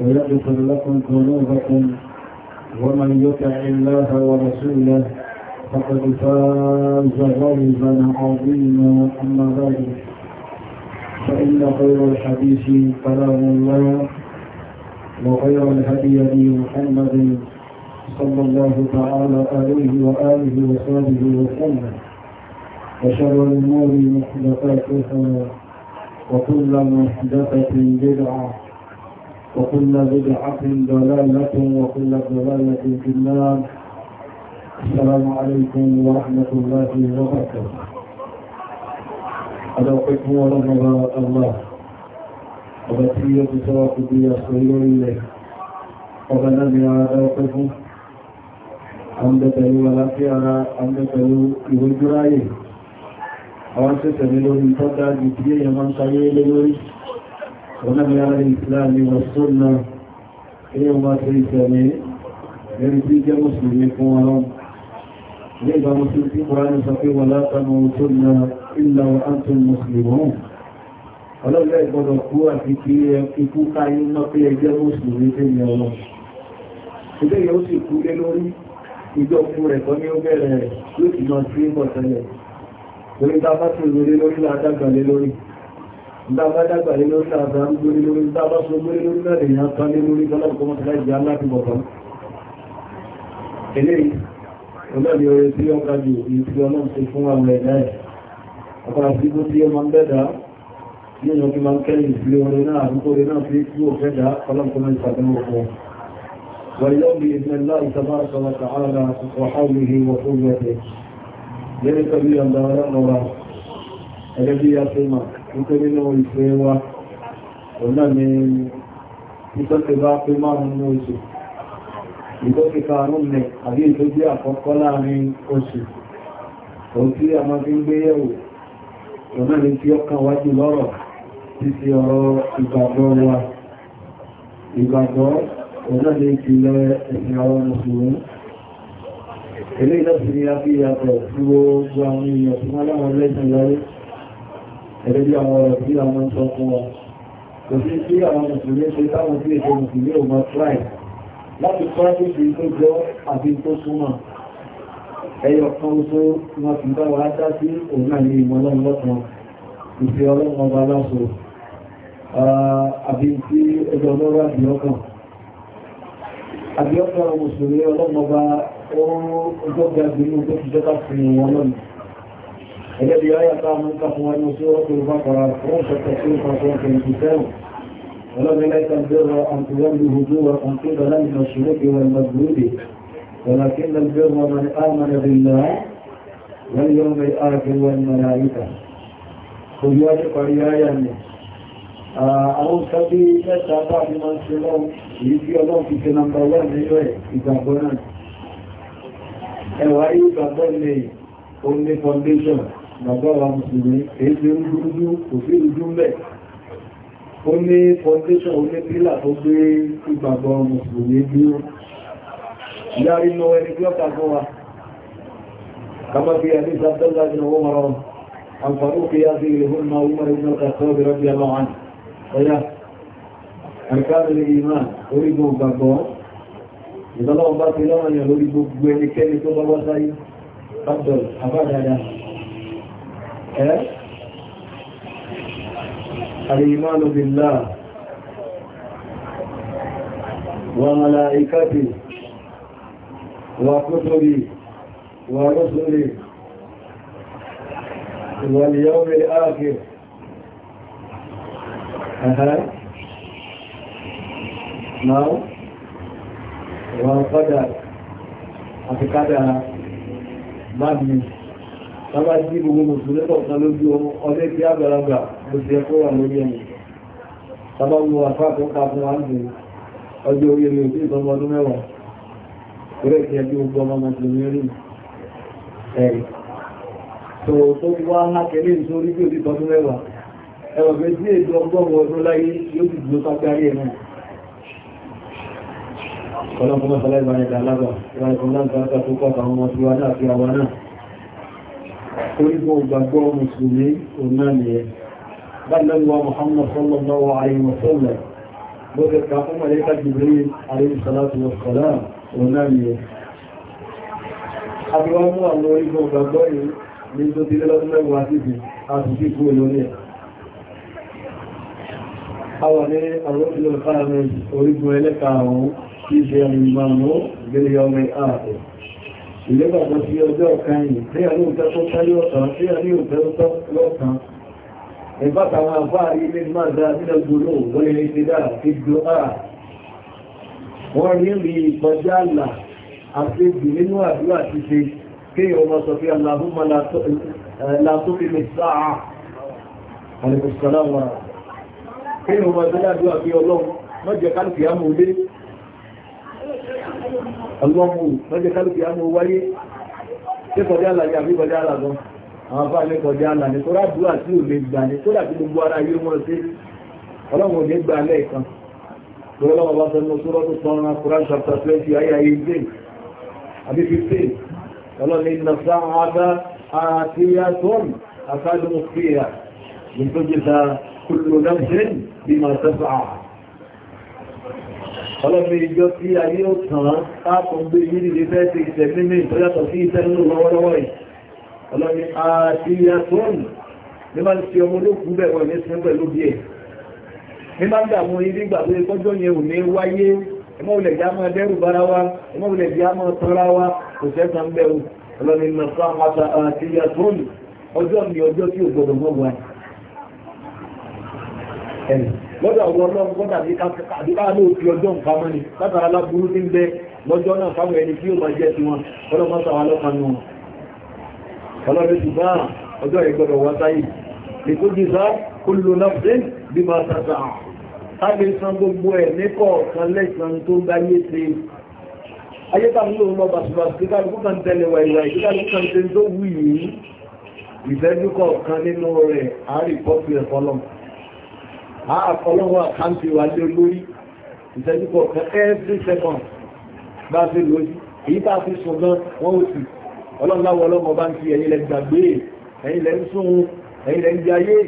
ويغفر لكم ذنوبكم ومن يطع الله ورسوله فقد فاز غيبا عظيما اما بعد فان خير الحديث كلام الله وخير الهدي محمد صلى الله تعالى عليه واله وصحبه وسلم وشر الامور محدثاتها وكل محدثه بدعه وكل بدعة ضلالة وكل ضلالة في النار السلام عليكم ورحمة الله وبركاته أدعوكم ورحمة الله وبتية سواق بي أصير إليه وبنبي أدعوكم أمدتني ولكي أرى أمدتني يوجرائي أوانسة تميلون تدعي بي يمان سيئي لوريش ونبي على الإسلام والسنة يوم تريساني يريدك مسلمين قوانون ليبا مسلم في قرآن سقي ولا تموتن إلا وأنتم مسلمون ọlọ́gbẹ́ ìgbọ́dọ̀ kú àti kí ikú káyí mọ́ pé ẹjẹ́ mùsùlùmí tí ní ọlọ́ ilé yóò sì kú lé lórí ìjọ fún rẹ̀ kọ́ ní ó bẹ̀rẹ̀ rẹ̀ yóò sì mọ́ sí ìbọ̀ tẹ́lẹ̀ torí ta bá ti rẹ̀ lórí ládágbà lé lórí dábádàgbà nínú sáàdá ń gbórí lórí dábá so gbórí lórí náà lè yàn kan nínú ìgbọ́nà kọmọ tí láì jẹ́ aláàfin bọ̀kan eléyìí olóòdì orin tí ó kájú ìfi ọlọ́run ti fún àwọn ẹ̀dá ẹ̀ ọkọ̀lá sí bó tí ó máa ń bẹ́dà ní èèyàn fi máa ń kẹ́yìn sí orin nítorí nínú ìfẹ́ wa ọ̀nà ni ìtọ́tẹ̀ bá pé márùn ní oṣù ìtọ́tẹ̀ karùn nẹ̀ àbí ètò jẹ́ àkọ́kọ́ láàrin oṣù òun tí a máa fi ń gbé yẹ̀wò ọ̀nà ni tí ó kàn wájú lọ́rọ̀ títí ọ̀rọ̀ ìgbàgbọ́ wa ìgbàgbọ́ ọ̀nà ni ìpìlẹ̀ ẹ̀sìn àwọn mùsùlùmí eléyìí náà ni a fi yàtọ̀ sí gbogbo àwọn èèyàn tí wọ́n láwọn lẹ́sìn lọ́rẹ́ ẹ̀rẹ́ bí àwọn ọ̀rọ̀ tí àwọn ń sọ fún wọn kò sí sí àwọn mùsùlùmí ṣe táwọn sí ètò mùsùlùmí ò mọ try láti kọ́ sí fi tó jọ àti tó súnmọ́ ẹyọ kan tó wọn fi bá wa dá sí òun náà ní ìmọ̀ ọlọ́run lọ́kan ìfẹ́ ọlọ́run ọba aláṣọ àbí tí ẹjọ́ ọlọ́rọ̀ àbíọ́kàn àbíọ́kàn mùsùlùmí ọlọ́run ọba ó jọ́gbà gbínú tó ti jọ́ta fi wọn lọ́nà الذي لا يقع من أن سورة البقرة فرنسة تفسير سورة الكتاب والذي ليس البر أن تولوا وجوهكم قبل من الشرك والمجهود ولكن البر من آمن بالله واليوم الآخر والملائكة قل يا قريايا àwọn sọ́bí mẹ́ta bá ní máa ṣe lọ́wọ́ èyí tí ọlọ́run fi ṣe nàmbà wà nílò ẹ̀ ìgbàgbọ́ náà ẹ̀wà ìgbàgbọ́ lè nàgbàrà mùsùlùmí èéṣe ń dúdú kò sí ìjú mẹ́ ó ní foundation onípílà tó gbé ìgbàgbọ́ mùsùlùmí dúró yàrí lọ ẹni tí ó kàgbọ́ wa kama fi àdíṣ abdọ́lá ní owó mara àǹfààní òkè yá sí ilé húnmá umar ibn al-khattab radiyallahu anhu ọya àríkàrí ìmá orígun gbàgbọ́ ìdọ́lọ́wọ́ bá ti lọ́wọ́ yẹn lórí gbogbo ẹnikẹ́ni tó bá wá sáyé abdọ́l abádáadáa الإيمان بالله وملائكته وكتبه ورسله واليوم الآخر أها نعم والقدر أفقدها مبني sábà jí gbogbo mùsùlùmí kọ̀ọ̀kan lójú ọdẹ́ tí àgbàlagbà bó ti ẹkọ́ wà lórí ẹ̀mù sábà wo àfáà tó ká fún wa ń dùn ọjọ́ orí ẹ̀mù tí ìtọ́mọ ọdún mẹ́wàá orí ẹ̀kí ẹbí gbogbo ọmọ mùsùlùmí rí ẹ̀rì tó tó wá lákẹ́lé nítorí bí òtítọ́ ọdún mẹ́wàá ẹ̀rọ pé tí èdè ọgọ́rùn ọdún láyé yóò ti dúró sápẹ́rí ẹ̀mù ọlọ́pọ̀ mọ́sálẹ́ ìbáyẹ̀dà alágbà ìbáyẹ̀kọ́ láǹkà tó kọ́ àwọn ọmọ tí orígun ìgbàgbọ́ mùsùlùmí ọ̀nà nìyẹn báyìí Muhammad sallallahu alayhi wa sallam bó ṣe kà fún mọ̀lẹ́kà Jibril alayhi salatu wa salam ọ̀nà nìyẹn àbíwá mú àwọn orígun ìgbàgbọ́ yìí ní tó ti lọ́dún mẹ́wàá síbi àti sí kú olórí ẹ̀ àwọn ní àwọn ìlẹ́gbàgbọ́ sí ọjọ́ ọ̀kan yìí tí a ní òtẹ́ tó tẹ́lé ọ̀sán tí a ní òtẹ́ tó lọ́kan ẹgbá tàwọn àfáà rí ilé máa dáa nílẹ̀ gbòrò wọ́n ilé ti dáa ti do a wọ́n rí rí ìkọjá àlà àfẹ́jù nínú àdúrà ti ṣe kí ọmọ sọ pé aláhùnmọ́ ọlọ́mù lọ́jẹ́ kálùkì á mọ́ wáyé tí kọjá àlà yàbí kọjá àlà gan àwọn afá ilé kọjá àlà ní kọ́rá dúrà tí ò lè gbà ní kódà tí gbogbo ara yé wọn sí ọlọ́mù òní gbà lẹ́ẹ̀kan lórí ọlọ́mù bá sọ mọ́ sórọ́ tó tán ra Quran chapter twenty ayé ayé gbé àbí fifteen ọlọ́mù iná sáwọn àti àtọ́mù àtàdùn fìyà nítorí ta kùlù náà ṣe bí màá tẹ́fà ọlọ́pẹ́ ìjọ tí ayé ó tàn án káàkùn gbé yìí fẹ́ ti ìṣẹ́ mímí tó yàtọ̀ sí iṣẹ́ nínú lọ́wọ́lọ́wọ́ yìí ọlọ́pẹ́ àti yàtọ̀ọ̀nù ní máa ń fi ọmọ olókùn bẹ̀rọ ní sin pẹ̀lú bí ẹ̀ ní máa ń dàmú irí gbà pé kọjọ́ yẹn ò ní wáyé ẹmọ́ ilẹ̀ ìjà máa dẹ́rù bára wa ẹmọ́ ilẹ̀ ìjà máa tọ́ra wa kò sẹ́ta ń bẹ̀rù ọlọ́ni mẹ́fà àpáta àti yàtọ̀ọ̀nù ọjọ́ mi ọjọ́ tí ò gbọdọ̀ mọ́ wa ẹ̀ lọ́dọ̀ àwọn ọlọ́run gbọ́dọ̀ àdíká ní òfi ọjọ́ nǹkan mọ́ ni látara láburú tí ń bẹ lọ́jọ́ náà fáwọn ẹni tí ó máa jẹ́ tiwọn ọlọ́pàá sọ àwọn ọlọ́pàá nù ọlọ́run ti bá ọjọ́ ìgbọ́dọ̀ wá sáyé ètò jìsá kullu nafsin bima tas'a a lè san gbogbo ẹ̀ ní kọ̀ọ̀kan lẹ́sàn tó ń dáyé ṣe ayé tàbí ló ń lọ bàṣùbàṣù kí kálukú kan tẹ̀lé wàìwà kí kálukú kan tẹ̀lé tó àkọlọ́wọ́ àkáǹtì wà lé lórí ìtẹ́jú kọ̀ọ̀kan every second bá fi lójú èyí tá a fi sùn gan wọ́n ó sì ọlọ́láwọ̀ ọlọ́mọ bá ń fi ẹ̀yìn lẹ gbàgbé ẹ̀yìn lẹ ń di ayé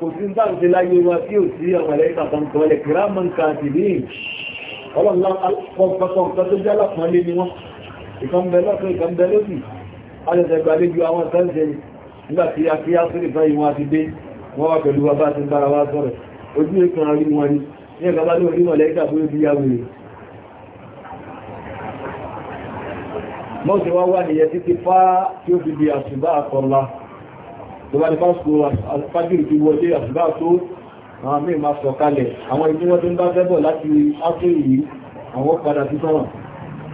kò sí ń bá ń ṣe láyé wa tí ò sí àwọn ẹ̀lẹ́ ìtàkùn kan lẹ̀ kìrá mọ́ nǹkan àti ní ọlọ́láwọ̀ tó jẹ́ alápọ̀nlé ni wọ́n ìkan bẹ ojú ìkan orí wọn ni ní ẹ̀kọ́ bá lórí mọ̀lẹ́kà fún ibi yàwó rẹ̀ mọ́sí wá wà nìyẹn títí fá tí ó fi di àṣùbá àkọlá tó bá ní pásítò fájìrì ti wọlé àṣùbá tó àwọn mí máa sọ kalẹ̀ àwọn ibi wọ́n tó ń bá fẹ́bọ̀ láti ápè yìí àwọn padà sí sọ́nà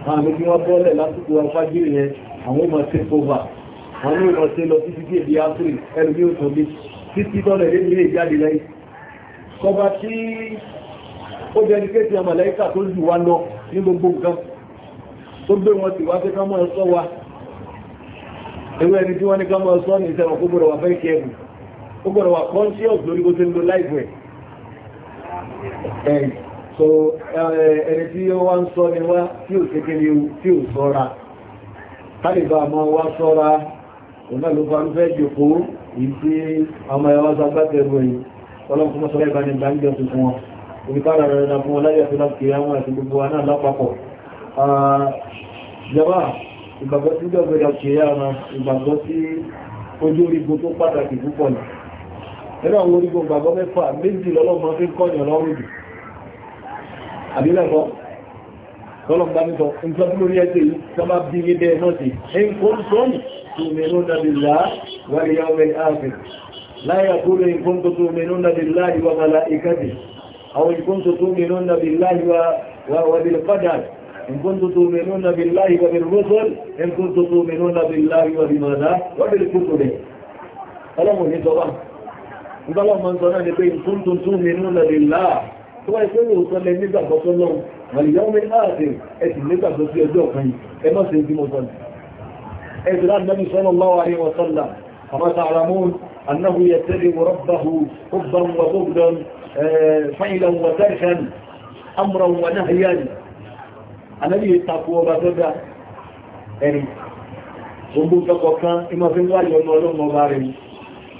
àwọn ibi wọ́n bọ́lẹ̀ lásìkò fájìrì yẹn àwọn ọmọ sí fọ́bà wọn ní ìrọ̀sẹ̀ lọ títí dé ìdí ápè ẹlùmí òtòlé títí tọ́lẹ̀ lé ọba tí ó jẹ́ ní kéèkì ọmọ lẹ́yìnká tó jù wá lọ ní gbogbo nǹkan tó gbé wọn ti wá sí kámọ́ ẹ̀sọ́ wa ewé ẹni tí wọ́n ní kámọ́ ẹ̀sọ́ ní ìṣẹ̀wọ̀n kó gbọ́dọ̀ wà fẹ́ kí ẹ̀rù ó gbọ́dọ̀ wà conscious lórí bó ti ń lo láìpẹ́ ẹ̀ so ẹni tí ó wá ń sọ ni wá tí ò ṣe kéde tí ò sọ́ra kálíbà yìí ọlọ́run kúmọ̀ sọ́lá ìbáni ìgbàmíjọ tuntun wọn oníkàrà rẹ̀ na fún ọláyà tó láti kìyà wọn àti gbogbo wa náà lápapọ̀ jẹba ìgbàgbọ́ sí ìjọba kìyà wọn ìgbàgbọ́ sí ojú orígun tó pàtàkì púpọ̀ ni nínú àwọn orígun ìgbàgbọ́ mẹ́fà méjì lọ́lọ́mọ fi ń kọ́yàn lọ́rùn jù àbílẹ̀kọ́ tọ́lọ̀ bá nítọ̀ nǹkan tó lórí ẹ̀sẹ̀ yìí bí ní bẹ́ẹ̀ náà sí ẹ̀yìn kó ń sọ́ọ̀nì tó mẹ́rún dàbí wáyé yàwó لا يقول إن كنت تؤمنون بالله وملائكته أو إن كنت تؤمنون بالله و... و... وبالقدر إن كنت تؤمنون بالله وبالرسل إن كنت تؤمنون بالله وبماذا وبالكتب ألم نتوى Ìgbọ́lọ́ mọ́ sọ náà ni pé ìkúntùn tún nínú lẹ́lẹ́lá tó wáyé pé yóò sọ lẹ nígbàgbọ́ tó lọ́wọ́, àlìyàn mi láàrin ẹ̀sìn nígbàgbọ́ sí ẹjọ́ ọ̀kan yìí, ẹ mọ́ أنه يتبه ربه حبا وبغدا فعلا آه، وتركا أمرا ونهيا أنا ليه التقوى بذبع يعني ونبوك قطا إما في الله ونوالون مبارم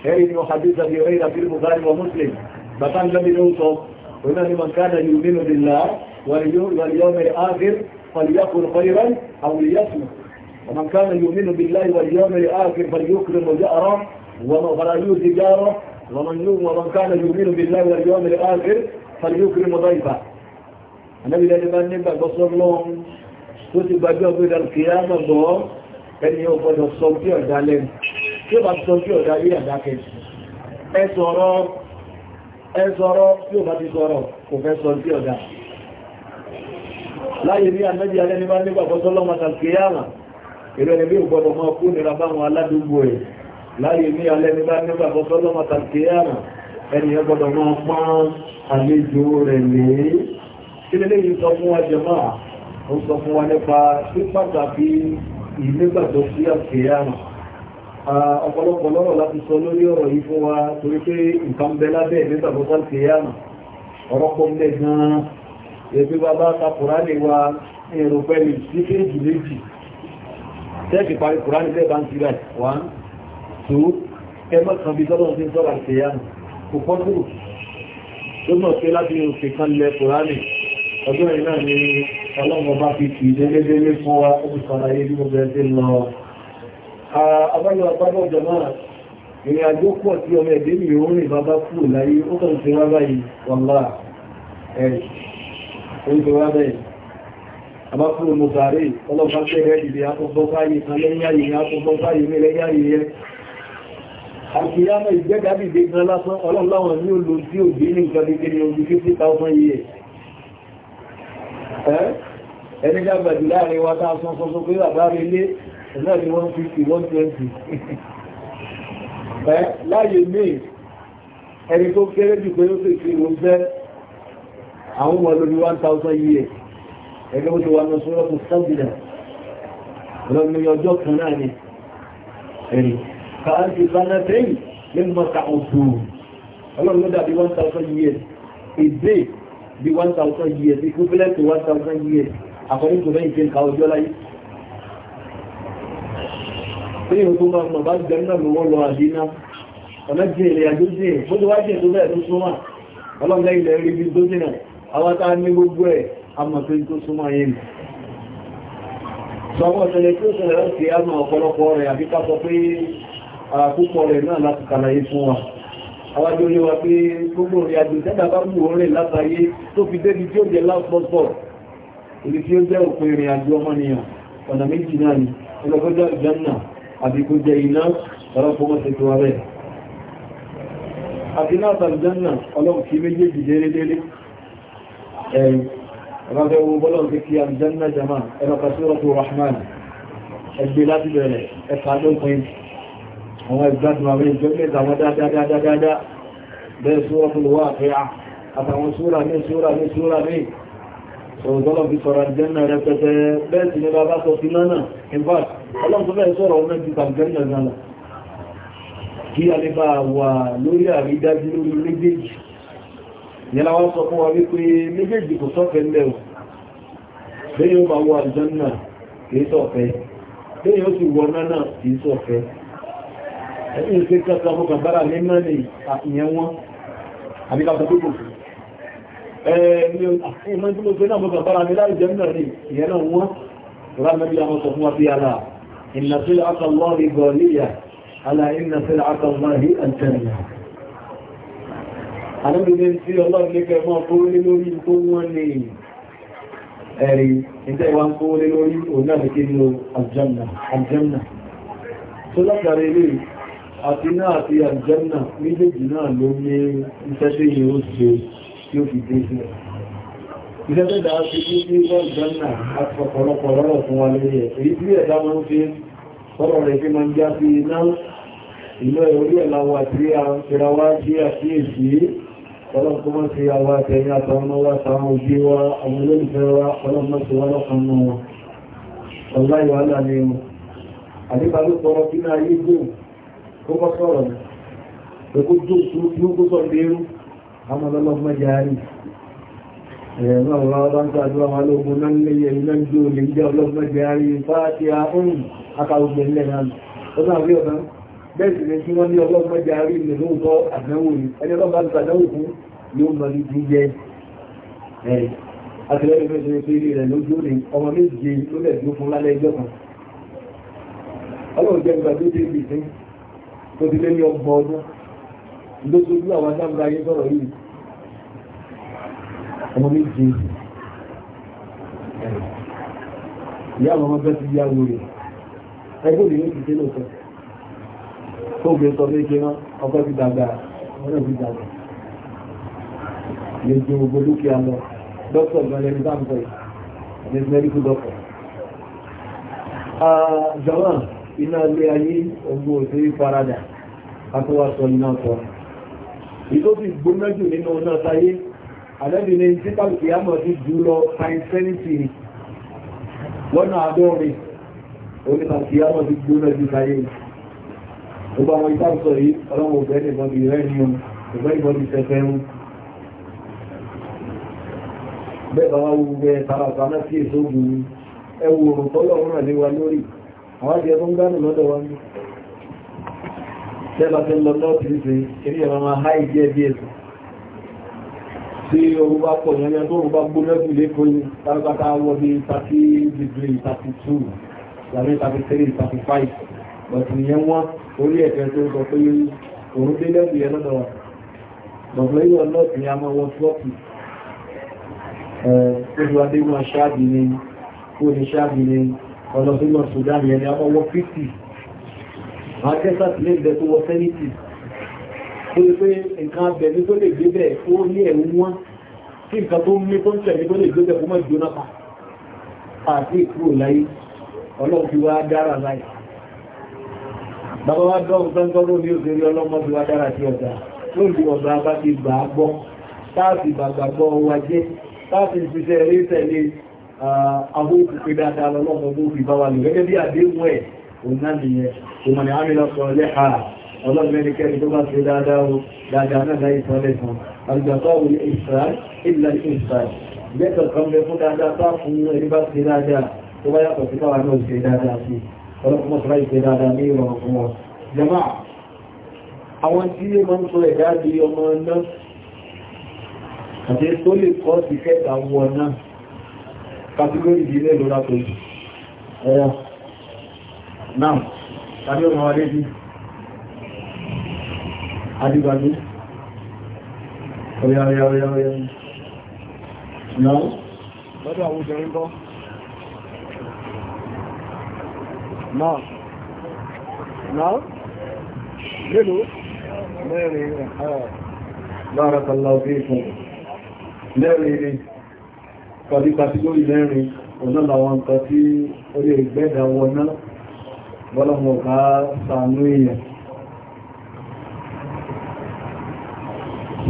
هيرين وحديثة بغيرة في المغارم ومسلم بطان لم ينصف وإنه من كان يؤمن بالله واليوم الآخر فليقل خيرا أو ليسمع ومن كان يؤمن بالله واليوم الآخر فليكرم جأرا ومن فلا يؤذي جاره ومن يؤمن ومن كان يؤمن بالله واليوم الآخر فليكرم ضيفه النبي لازم أن نبقى بصر لهم توتي بجوه إلى القيامة لهم ẹni ọgbọ́dọ̀ sọ bí ọ̀dá lẹ́nu tí ó bá sọ bí ọ̀dá rí àdákẹ́ ẹ sọ̀rọ̀ tí ó bá ti sọ̀rọ̀ kò fẹ́ sọ bí ọ̀dá láyé rí àmẹ́bí alẹ́ni bá nígbàgbọ́sọ́lọ́mọ́ta kìí àmà ìrẹ́lẹ́bí ọgbọ́dọ̀ mọ́ kú nira báwọn aládùúgbò rẹ̀ láyé ní alẹ́ ní bá nígbà fọ́sọ́lọ́mà tàbíyàrá ẹni ẹgbọ́dọ̀ máa pán àlejò rẹ̀ lè kí lè yìí sọ fún wa jẹmọ́ ó sọ fún wa nípa sí pàtàkì ìlégbàtọ̀ sí àkíyàrá ọ̀pọ̀lọpọ̀ lọ́rọ̀ láti sọ lórí ọ̀rọ̀ yìí fún wa torí pé nǹkan bẹ lábẹ́ ìlégbà fọ́sọ́ àkíyàrá ọ̀rọ̀ pọ̀ lẹ̀ gan-an ẹbí bàbá takùrá lè wa èrò sí kéjì méjì tẹ́ẹ̀kì parí kùrá nílẹ̀ bá ń tirẹ̀ 1 tó ẹmọ́ kan bí sọ́lọ́ sí sọ́lá ìṣẹ́yàmù kò pọ́tù tó mọ̀ pé láti òkè kan lẹ kòránì ọjọ́ ìrìnà ni ọlọ́run bá fi kì í délé fún wa ó sọ̀rọ̀ ayé bí mo bẹ̀rẹ̀ sí lọ abájọ́ abájọ́ jọmọ́ ìrìn àjò pọ̀ sí ọmọ ẹ̀dẹ́ mi ò rìn bàbá kú láyé ó kàn sí wá báyìí wàlá ẹ̀rì ó ń sọ wá báyìí abákùnrin mo sàárè ọlọ́pàá tẹ́rẹ́ ìdí akọ́gbọ́ fáyé kan lẹ́yìn àyè akọ́gbọ́ fáyé mi lẹ́yìn àyè yẹn àkìyàmọ̀ ìgbẹ́gàbìdé gan lásán ọlọ́láwọn ní olò tí ò bí ní nǹkan gẹ́gẹ́ ní ojú 50,000 yìí ẹni jágbàjì láàrin wa tá sán sọ́sọ́ pé bàbá rí ilé náà ni 150 120 láyé mí ẹni tó kéré jù pé ó sì fi ìwò jẹ́ àwọn ọmọ lórí 1,000 yìí ẹgbẹ́ ó ti wà lọ sọ́rọ́ fún sábìlẹ̀ ọjọ́ kan náà ni ẹni káàkiri sanatẹ́yì nínú mọ́ta ọ̀tún ọlọ́run ló dàbí one thousand years a day bí one years equivalent to one thousand years according to many things káwọn jọ́lá yìí tí yóò tó máa mọ̀ bá jẹ́ náà lọ́wọ́ lọ àdínà ọ̀nà jẹ́ ilẹ̀ àjò jẹ́ ìfọ́dọ̀ wájẹ́ tó bẹ́ẹ̀ tó súnmọ́ ọlọ́gbẹ́ ilẹ̀ rí bí tó jìnà àwátá ní gbogbo ẹ̀ amọ̀tún tó súnmọ́ yẹn sọ àwọn tí ó ṣẹlẹ̀ láti àmà ọ̀pọ̀lọpọ̀ rẹ̀ àbíkápọ̀ pé púpọ̀ rẹ̀ náà láti kàlàyé fún wa àwájú orí wa pé gbogbo orí àjò tẹ́dà bá mú orin látàyé tó fi débi tí ó jẹ́ lápọ̀pọ̀ ibi tí ó jẹ́ òpin ìrìn àjò ọmọnìyàn ọ̀nà méjì náà ni ọlọ́gbọ́jọ́ ìjọ́nà àbí kó jẹ iná ọlọ́pọ̀ mọ́ ẹgbẹ́ láti bẹ̀rẹ̀ ẹ̀fà lópin àwọn ìgbádùn àwọn ìjọ mẹ́ta wọn dáadáadáadáa bẹ́ẹ̀ súra fún wà pé à àtàwọn súra ní súra ní súra ní ṣòrògbọ́lọ̀ fi sọ̀rọ̀ àjẹ́nà rẹpẹtẹ bẹ́ẹ̀ sì ni bàbá sọ sí lọ́nà in fact ọlọ́run tó bẹ́ẹ̀ sọ̀rọ̀ ọ̀nà ti tàbí náà kí a lè bá wà lórí àrídájú lórí méjèèjì yẹn wọ́n sọ fún wa wípé méjèèjì kò sọ́fẹ́ lẹ́wọ̀ bẹ́ẹ̀ yóò bá wà àjẹ́nà kìí sọ̀fẹ́ bẹ́ẹ̀ yóò sì wọ náà kìí sọ̀fẹ́ ẹ̀yìn tí kẹta ọmọ kàbára ní mẹ́rin àfihàn wọn àbíkàtà tó kòkòrò ẹ̀ẹ̀mọ́ tí mo fẹ́ náà mọ́ kàbára ní láì jẹ́ mẹ́rin ìyẹn náà wọ́n ránàbí àwọn sọ fún wa bí ala ìnà sílẹ̀ àtàlọ́ gọ̀ọ́líyà ala ìnà tó wọ́n ní àti náà àti àjẹ́nà méjèèjì náà ló ní iṣẹ́ tí yìí ó ṣe tí ó fi dé sí iṣẹ́ tẹ́dà ti kí ní ìjọ́nà àti ọ̀pọ̀lọpọ̀ lọ́rọ̀ fún wa lórí ẹ̀ èyí tí ẹ̀dá máa ń fi sọ́rọ̀ rẹ̀ fi máa ń já sí iná ìlú orí ẹ̀lá wa tí a fẹ́ra wá sí àkíyèsí ọlọ́pọ̀ sí àwọn àtẹ̀yìn náà wọn ọlá kó kọ́ sọ̀rọ̀ ní pé kó jó kúrú kó sọ lérú amọ̀lọ́lọ́gbọ́n jaari ẹ̀rọ àwọn ọlọ́run tó àdúrà wọn lóògùn náà lè yẹ iná jó lè jẹ́ ọlọ́gbọ́n jaari fáti ahun akàwùgbẹ̀ ńlẹ̀ náà ó náà ni kí wọ́n ní ọlọ́gbọ́n jaari lè lóòótọ́ àdánwò ni ẹni ọlọ́gbọ́n àti àdánwò fún yóò mọ ní ti jẹ àtìlẹ́yìn fẹ́ ṣe pé rẹ̀ lójú kan ọlọ́run jẹ́ gbàgbé dé ibi sí tó ti lé ní ọgbọ̀n ọdún lóṣojú àwọn aṣáàmù ayé sọ̀rọ̀ yìí ọmọ méje ìyá ọmọ bẹ́ẹ̀ ti yá wòrè ẹgbẹ́ òní yóò ti tó obìnrin sọ méje náà ọkọ ti dàgbà ọmọ ti dàgbà lè ju gbogbo iná ilé ayé ogun òṣèré farada àtọwàsọ iná sọ ìtó ti gbóná jù nínú ọ̀nà sáyé àlẹ́bì ní títàlùkì àmọ̀ ti jù lọ sáyẹ́sẹ́nìtì lọ́nà àádọ́rin onítàlùkì àmọ̀ ti gbóná jù sáyé gbogbo àwọn ìtàkùsọ̀ yìí ọlọ́wọ̀ ọ̀bẹ́ nìkan bí ni ọ̀bẹ́ ìbọn ti tẹ̀fẹ́ ń bẹ́ẹ̀ bá wá wúgbẹ́ tààrà ọ̀tà náà sí wa lórí àwọn àti ẹgbọ́n gbánù lọ́dọ̀ wọn ní tẹ́lá tẹ́lọ lọ́tí ní ṣe eré ẹ̀rọ máa há ìdí ẹbí ẹ̀sùn tí oru bá pọ̀ yẹn tó rú bá gbónẹ́kù lẹ́kọ̀ọ́ yìí tàbátà wọ́ bí 30 degree 32 tàbí 33 35 bọ̀tù yẹn wọ́n orí ẹ̀fẹ́ tó sọ pé òun dé lẹ́kù yẹn lọ́dọ̀ wọn bọ̀tù wọ́n tọ́kì ẹ̀ẹ́dẹ́gbọ́n ṣáàbì ọ̀nà tó lọ Sudan yẹn ni ọwọ́ 50 manchester ti lè bẹ tó wọ 70 tó lè pé nǹkan abẹ̀mí tó lè gbé bẹ́ẹ̀ ó ní ẹ̀rù wọn tí nǹkan tó ní tó ń tẹ̀lé tó lè gbé bẹ́ẹ̀ kó mọ̀ jóná pa àti ìkúrò láyé ọlọ́run ti wá dára láyé bàbá wa dọ́rùn sẹ́ńtọ́rọ̀ ní òṣèré ọlọ́mọ ti wá dára Uh, àwọn òkùnkùn dáadáa lọ́lọ́mọ tó fi bá wa lò gẹ́gẹ́ bí àdéhùn ẹ̀ òun náà nìyẹn òmìnira àmìlọ sọ lẹ́ha ọlọ́mẹ́nikẹ́ni tó bá fi dáadáa o dáadáa náà láì sọ lẹ́sàn àgbàtọ́ òun ìsàn ìlà ìsàn lẹ́tọ̀ kan bẹ fún dáadáa tó fún ẹni bá fi dáadáa tó bá yàtọ̀ sí kàtígórì yìí lẹ́lò látọ̀ ẹ̀yà náà tàbí ọmọ wa lébi adìgbàgbé ọ̀yà ọ̀yà ọ̀yà ọ̀yà náà lọ́dọ̀ àwọn bọ́ náà náà lẹ́lò mẹ́rin ẹ̀hà bárakàlá obìnrin lẹ́rin pàdé kàtígórì mẹ́rin ọ̀nà làwọn nǹkan tí ó lè gbẹ́dà wọná bọ́lọ́mọ̀ ká sàánú èèyàn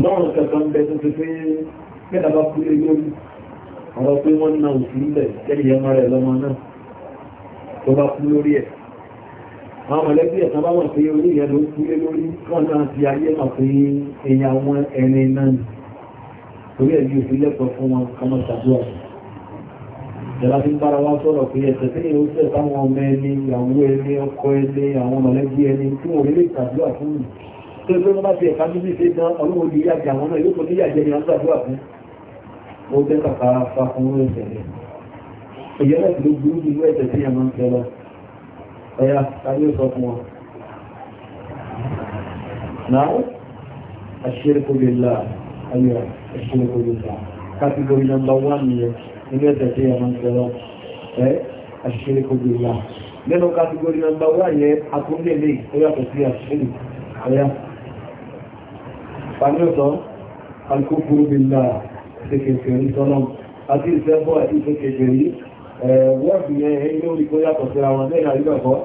lọ́rùn kẹta ń bẹ tó ti pé mẹ́ta bá kú lé lórí ọ̀rọ̀ pé wọ́n na òfin ilẹ̀ tẹ́lẹ̀ yẹn mara ẹ̀ lọ́mọ náà tó bá kú lórí ẹ̀ àwọn mọ̀lẹ́bí ẹ̀ta bá wọ̀n pé orí ìyẹn ló kú lé lórí wọ́n náà ti ayé mọ̀ pé èèyàn àwọn ẹni náà torí ẹ̀ yóò fi lẹ́kọ̀ọ́ fún wọn kọ́mọ ṣàdúrà ìjọba fi ń bára wá sọ̀rọ̀ pé ẹ̀sẹ̀ tí yóò tẹ̀ táwọn ọmọ ẹni ìyàwó ẹni ọkọ ẹni àwọn mọ̀lẹ́bí ẹni tí wọ́n lè ṣàdúrà fún mi tó tó bá fi ẹ̀ka bíbí ṣe gan ọlọ́run ní ìyájẹ àwọn náà yóò tó ní ìyájẹ ni wọ́n ṣàdúrà fún ó jẹ́ kàkà fa fún ẹ̀sẹ̀ rẹ̀ ìyẹn náà ló burú nínú ẹ̀sẹ̀ tí yẹn máa ń fẹ́ lọ ẹ̀yà ayé sọ fún wọn náà àṣírí kò lè láàrín ayọ̀ ẹ̀ṣẹ́ olùgbà kátígórì nọmba wán nìyẹn nínú ẹ̀sẹ̀ tí ẹ̀mọ́ ìṣẹ́lọ ẹ̀ ẹ̀ṣẹ́ olùgbà nínú kátígórì nọmba wán yẹn akúndélé oyàtọ̀ sí àṣírí ọ̀yá pàmíọ̀tọ̀ alkókòrò bílá ṣèkèkèrè sọ́nà àti ìṣẹ́bọ̀ ìṣẹ́kèkèrè wọ́ọ̀dù yẹn ẹ̀yìn lórí kó yàtọ̀ sí àwọn lẹ́yìn àríwẹ̀kọ́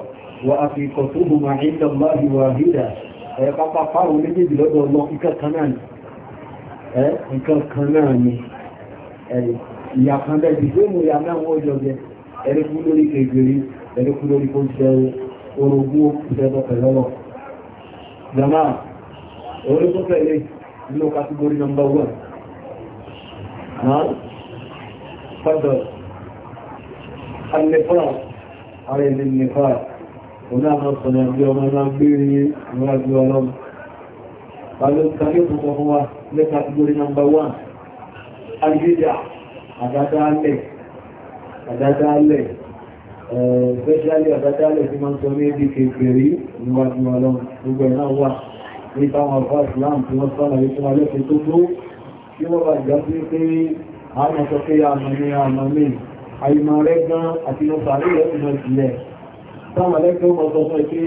wà á fi kọ̀ tó bùmọ̀ àìdàmbáhì wà hídà ẹ̀yẹ pápá fáwọn méjèèjì lọ́dọ̀ ọlọ́ ìkẹ́kẹ́ náà nǹkan kan náà ni ìyà kan bẹ́ẹ̀ tó mú ìyà náà wọ́n jọ jẹ ẹni kú lórí kègèrè ẹni kú lórí kó jẹ orogún òkúṣẹ́bọ̀ pẹ̀lọ́lọ̀ jama orí tó tẹ̀lé nínú kàtígórí nọmbà 1 fọ́dọ̀ alẹ́fọ́ ààrẹ ilẹ̀ nìfà onáàmọ́sọ̀nà bí ọmọ náà gbé rí ìwádìí ọlọ́mù balóòtàlẹ́kùn sọ fún wa ní kàtígórí nọmbà 1 alìyíjà àdádálẹ̀ àdádálẹ̀ especially àdádálẹ̀ tí máa ń sọ ní ẹbí kékeré níwájú ọlọ́run gbogbo ẹ̀ náà wà ní táwọn ọ̀fà Islam tí wọ́n sọ́nà yìí fún alẹ́fẹ́ tó tó kí wọ́n bá jà sí pé àwọn sọ pé àmọ́ ní àmọ́ mi àyìmọ̀ rẹ̀ gan àti lọ sàárè rẹ̀ ti lọ sílẹ̀ táwọn alẹ́fẹ́ ó sọ fún ẹ pé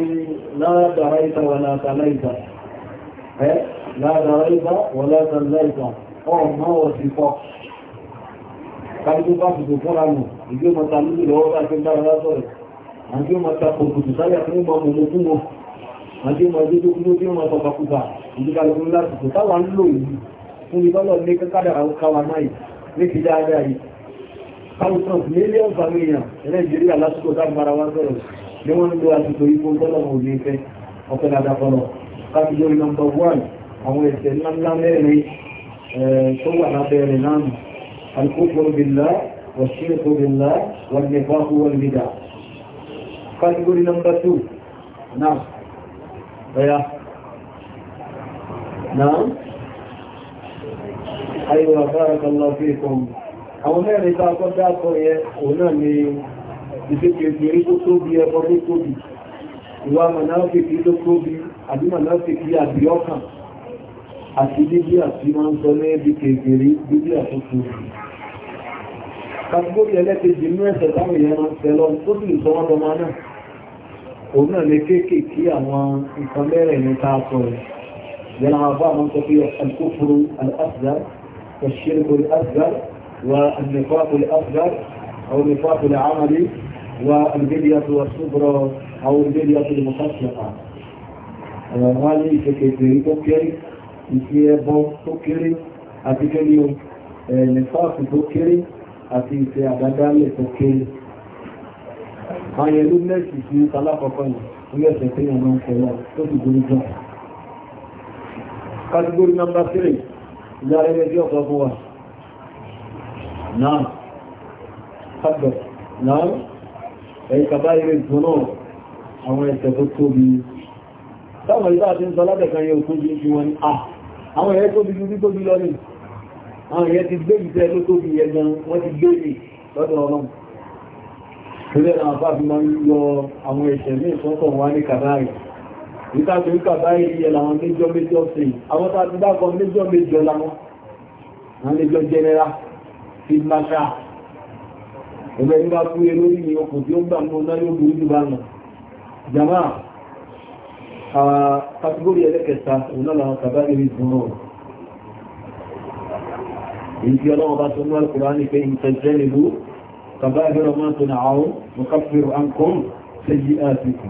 láàdàrá ìta wà láàtàlá láàdára ìbá wọ́n láàdára ìbá ọmọ ọ̀sìnkọ́ kájú bá fìfò fọ́ra nù ìgbé mọ́ta lórí lọ́wọ́ bá ṣe dára lásọ̀rẹ̀ àti mọ́ta kòkòtò sáyà fún ìmọ̀ mọ̀ fún wọn àti mọ̀ ìdíjọ́ kúrò tí wọ́n tọ̀pọ̀ kúta ìdíkàlùkù lásìkò táwa ń lò yìí fún láti lórí nọmbà wọ́n àwọn ẹ̀ṣẹ̀ ńláńlá mẹ́rin eh, tó wà lábẹ́rin náà alkufur billah wàṣírkù billah wal nifaq wal bid'ah category number two náà bẹ́yà náà ayíwà barakallahu fikum àwọn mẹ́rin tá a kọ́ dákọ̀ yẹ òun náà ni ìfẹ́kẹ̀ẹ́ ìwà mọ̀náfíkì tó kóbi àbí mọ̀náfíkì àbí ọkàn àti bíbí àti wọ́n ń sọ ní ẹbí kèfèrè bíbí àtúntò kàtíkóbi ẹlẹ́kejì inú ẹ̀sẹ̀ táwọn èèyàn máa ń fẹ́ lọ tó sì sọ wọ́n lọ́mọ náà òun náà lè kéékèèké àwọn nǹkan mẹ́rẹ̀ ní ká sọ rẹ̀ yẹn àwọn bá wọn sọ pé أو الجرية المخصصة wọ́n ní ìṣẹ́kẹ̀ẹ́kẹ̀ẹ́ tó kéré ìṣẹ́ ẹbọ tó kéré àti kẹ́lẹ̀ nìfáàsì tó kéré àti ìṣẹ́ àdádálẹ̀ tó kéré ayẹlú mẹ́sì sí alákọ̀ọ́kọ́ ìrẹsẹ̀ tí wọ́n máa ń kẹ́lá tó ti gbórí jọ category number three láàrẹ́rẹ́ bí ọ̀pọ̀ fún wa náà sábẹ̀ náà ẹ̀yìn kàbá ìrẹsì náà àwọn ẹ̀ṣẹ̀ tó tóbi táwọn ìlú àti ń sọ lábẹ̀kan yẹ òtóbi ju wọn ni àwọn ẹ̀yẹ tóbi ju títóbi lọ ní àwọn ẹ̀yẹ ti gbé ìfẹ́ tó tóbi yẹ gan wọ́n ti gbé rì lọ́dọ̀ ọlọ́run torí ẹ̀nà àfáàfi máa ń yọ àwọn ẹ̀ṣẹ̀ ní ìtọ́sọ̀ wá ní kàbáyì níta torí kàbáyì yẹ làwọn méjọ méjọ sí àwọn tá a ti dákọ méjọ méjọ làwọn àwọn méjọ jẹnẹra ti máa ṣá ẹgbẹ́ nígbà fúye lórí ìyókùn tí ó gbà mú náà yóò burú jù bá jama kàtígórí ẹlẹ́kẹta ìlànà kàbáyé ìdúnà ìdí ọlọ́wọ́ bá tó ní alkùránì pé ìtẹ̀jẹ́ ìlú kàbáyé ọmọ tó nà áwọn mọ̀káfíru ankọ́m sẹ́yí àtìkù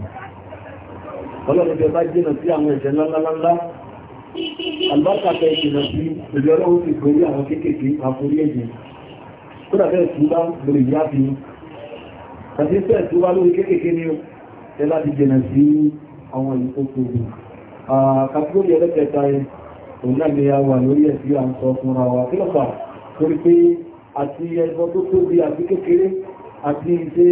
ọlọ́run tẹ bá jìnà sí àwọn ẹ̀ṣẹ̀ ńláńláńlá albákàtà ìjìnà sí ìlú ọlọ́run ti gbórí àwọn kéékèèké àforí ẹ̀jẹ̀ tó dàbẹ́ ìtúbá lórí ìyá fi tẹ́ láti jẹ́nà sí àwọn ìlú tó tóbi kàtíkórí ẹlẹ́kẹta ẹ òun náà lè wà lórí ẹ̀ sí à ń sọ fúnra wa kí lọ́pàá torí pé àti ẹgbọ́n tó tóbi àti kékeré àti ìṣe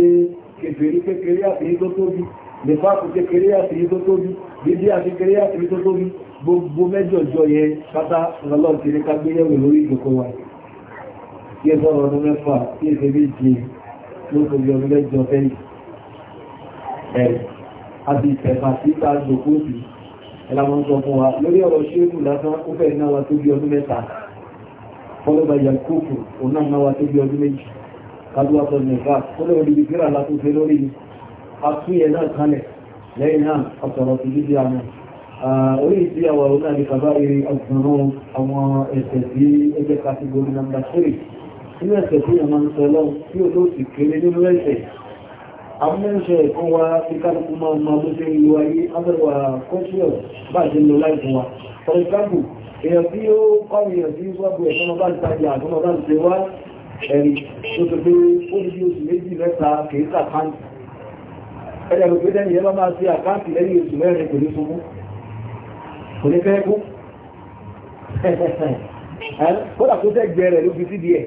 kèfèrí kékeré àti ìyí tó tóbi lèfáàkù kékeré àti ìyí tó tóbi bíbí àti kékeré àti ìyí tó tóbi gbogbo mẹ́jọ jọ yẹ pátá lọ́lọ́run ti rí ká gbéyẹ̀wò lórí ìjòkó wa kí ẹ ọdún mẹ́fà kí ẹ fẹ́ méje ló ọdún mẹ́jọ fẹ́yìn ẹ̀rì àti ìtẹ̀fà sí ìtàjò kóòtù ẹlàmọ́ sọ fún wa lórí ọ̀rọ̀ ṣéèkù lásán ó fẹ́ náwà tó bí ọdún mẹ́ta fọ́lọ́bà yankóòkù òun náà náwà tó bí ọdún méjì kádùwà sọ nìfà fọ́lọ́bà níbi kíra látó fẹ́ lórí atúnyẹ náà kalẹ̀ lẹ́yìn náà ọ̀sọ̀rọ̀ sí dídí àmì orí ìdí àwàrò náà ní kàbá eré ọgbọ̀nrún àwọn ẹ̀sẹ̀ sí ẹgbẹ́ kàtígórì nàmbà 3 nínú ẹ̀sẹ̀ tí ìyàmọ́ ń sọ lọ́wọ́ tí ó lóòsì kéré nínú amúṣe ẹ̀kọ́ wa ti kálùkù máa ma ló ṣe ìlú ayé abẹ́wà conscious bá ṣe lọ láìpọ̀ wa for example èèyàn tí ó kọ́rin èèyàn tí wọ́n bu ẹ̀sán bá ti tajà àtúnmọ̀ bá ti ṣe wá ẹ̀rí tó ti pé ó ti di oṣù méjì mẹ́ta kìí sàkáǹtì ẹ̀yà rò pé lẹ́yìn ẹ̀bá máa ṣe àkáǹtì lẹ́yìn oṣù mẹ́rin kò ní ṣubú kò ní fẹ́ kú kódà tó tẹ́ gbẹ̀rẹ̀ ló fi síbi ẹ̀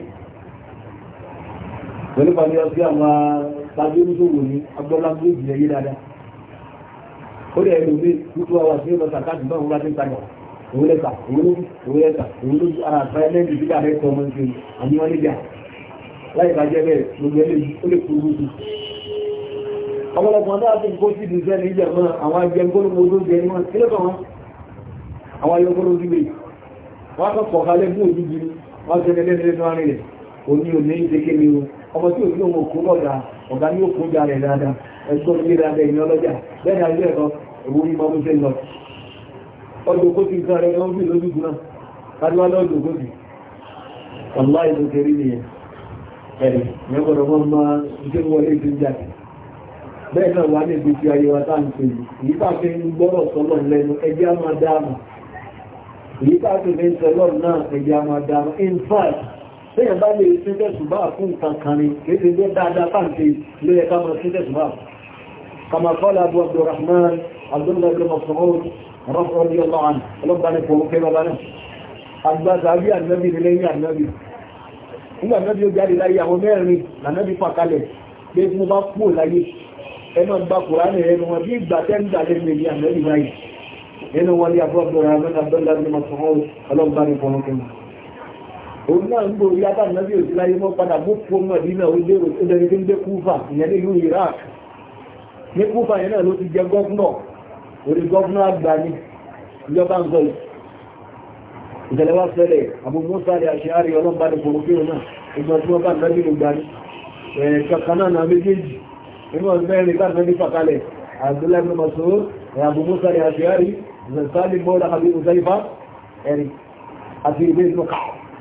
pẹ̀lú pàdé ọdí àwọn tàbí oníṣòwò ní agbọ́lá méjì ẹyẹ dáadáa ó rẹ̀ ẹ̀rọ mi nítorí àwọn àti ẹ̀rọ sàkáàtì náà wọ́n bá ti ń tajà òun lẹ́ta òun lójú òun lẹ́ta òun lójú ara àgbáyé lẹ́yìn ìdílé àrẹ tọ́ ọmọ ìṣe àmì wọn níbi à láì bá jẹ́ bẹ́ẹ̀ gbogbo ẹlẹ́yìn ó lè kúrú sí. ọ̀pọ̀lọpọ̀ ọ̀dọ́ àti nǹkan tí ìdí sẹ́ni ìjà mọ́ àwọn agbẹ́gbọ́n mo ló jẹ wọn kí lọ́kàn wọn àwọn ayọ́gbọ́n ojú lè wọ́n kọ́ pọ̀ kalẹ̀ fún òjijì wọ́n sẹ́ni ẹlẹ́ni lẹ́nu arìnrìn òní òní ìdíkẹ́ mi o ọmọ tí òní òun òkú lọ́dà ọ̀gá ní òkú jà rẹ̀ dáadáa ẹgbọ́n ilé dáadáa ìní ọlọ́jà bẹ́ẹ̀ ẹ̀kọ́ ìwúrí ní ṣe lọ ọdún kó ti nǹkan rẹ̀ bí lójú gúnná kó ti a Bẹ́yàn bá lè ṣe tẹ́sùbá fún kankanrin, kéèkéé jẹ́ dáadáa fáǹtì lóyẹ ká máa ṣe tẹ́sùbá. Kàmà kọ́lá Abu Abdurrahman, Abdullah ibn Mas'ud, Rafa radiyallahu anhu, ọlọ́gbà ní kòrò kẹ́ bàbá náà. ẹnu wọn ni Abu Abdurrahman, Abdullah ibn Mas'ud, ọlọ́gbà ní òun náà ń gbò orí látà náà bí òsì láyé mọ́ padà mú fún ọmọ ìdí náà ó lérò tó dẹni tó ń dé kúfà ìyẹn ní ìlú Iraq ní kúfà yẹn náà ló ti jẹ gọ́fúnọ̀ orí gọ́fúnọ̀ àgbà ni ìjọba ń sọ ìṣẹ̀lẹ̀ wá ṣẹlẹ̀ Abu Musa al-Ash'ari ọlọ́mbà ní gbogbo kéwọn náà ìgbà tí wọ́n bá nàbí ló gbani kankan náà náà méjèèjì nínú Mas'ud Abu Musa al-Ash'ari Zẹ̀sálì bọ́ọ̀lá Abu Muzaifa ẹ̀rí àti ìgbésùn káà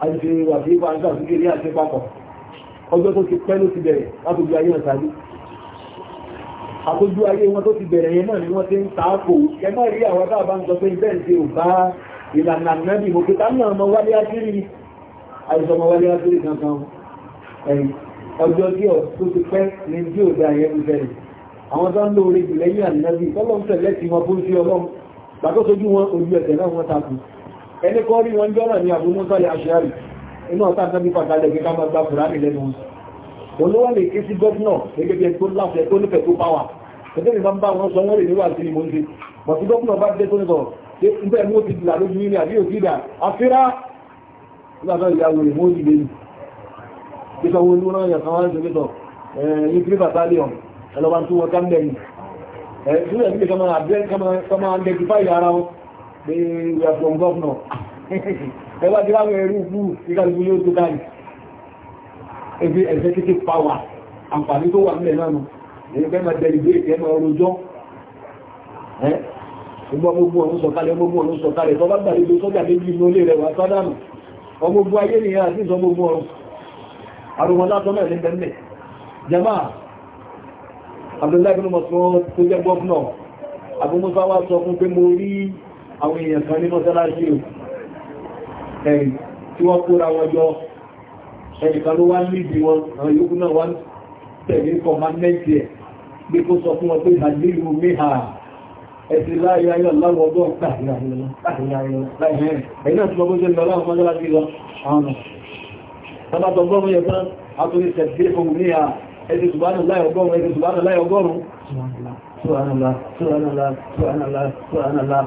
àti wàfíìpá àti àfikiri àti papọ̀ ọjọ́ tó ti pẹ́ ló ti bẹ̀rẹ̀ látòjú ayé wọn tàbí àtòjú ayé wọn tó ti bẹ̀rẹ̀ yẹn náà ni wọ́n ti ń tààkò ẹ má rí àwọn bá bá ń sọ pé bẹ́ẹ̀ ti ò bá ìlànà nẹ́bì mo pé táwọn ọmọ wálé ákírí àìsàn ọmọ wálé ákírí kankan ẹ̀yìn ọjọ́ tí ọ̀ tó ti pẹ́ ní tí ò dá yẹn ti bẹ̀rẹ̀ ẹni kọ́ rí wọn jọ́nà ní àbúrú sọ́lẹ̀ àṣíyàrí inú ọ̀tá tẹ́bí pàtàkì ẹgbẹ́ káàmà gba fúránì lẹ́nu olówó lè ké sí gọ́ọ̀nà gẹ́gẹ́ bí ẹgbẹ́ láfẹ́ tó nífẹ̀ẹ́ tó pàwà ẹgbẹ́ mi máa ń bá wọn sọ wọ́n lè níwà sí ìmọ̀ ṣe bọ̀ sí gọ́ọ̀nà bá dé tó ní sọ̀rọ̀ ṣé ń bẹ́ẹ̀ mú ti dìlà lójú nílé àbí òkè ìdà àfírá nígbàtọ́ pé we are from governor ẹgbà tí wọ́n rẹ̀ rúgbù ìgbàlùkú yóò tó dáì ẹgbẹ́ executive power àǹfààní tó wà nílẹ̀ náà nù ẹgbẹ́ máa delegate ẹmọ ọrọ̀jọ́ ọgbọ́gbogbo ọ̀run sọ̀kalẹ̀ ọgbọ́gbogbo ọ̀run sọ̀kalẹ̀ tọ́bá gbàlejò sọ́jà méjì ní olè rẹ̀ wà sádàmù ọgbogbo ayé ni àti ìsọgbogbo ọ̀run àrùmọ̀lá tọ́mọ̀ ẹ̀lẹ́ bẹ̀mẹ̀ jama Abdullahi bin Mas'ud tó jẹ́ gọ́ọ̀nà Abu Musa wá sọ fún pé mo rí àwọn èèyàn kan ní mọ́sálásí ẹ̀yìn tí wọ́n kóra wọn jọ ẹnìkan ló wá níbi wọn àwọn yòókù náà wá tẹ̀lé kọmánẹ́ntì ẹ̀ bí kó sọ fún wọn pé àdílù méhà ẹ̀sìn láyé ayọ́ láwọ́gbọ́ ẹ̀sìn ṣùgbọ́n láyọ̀gọ́rùn-ún ṣùgbọ́n láyọ̀gọ́rùn-ún ṣùgbọ́n láyọ̀gọ́rùn-ún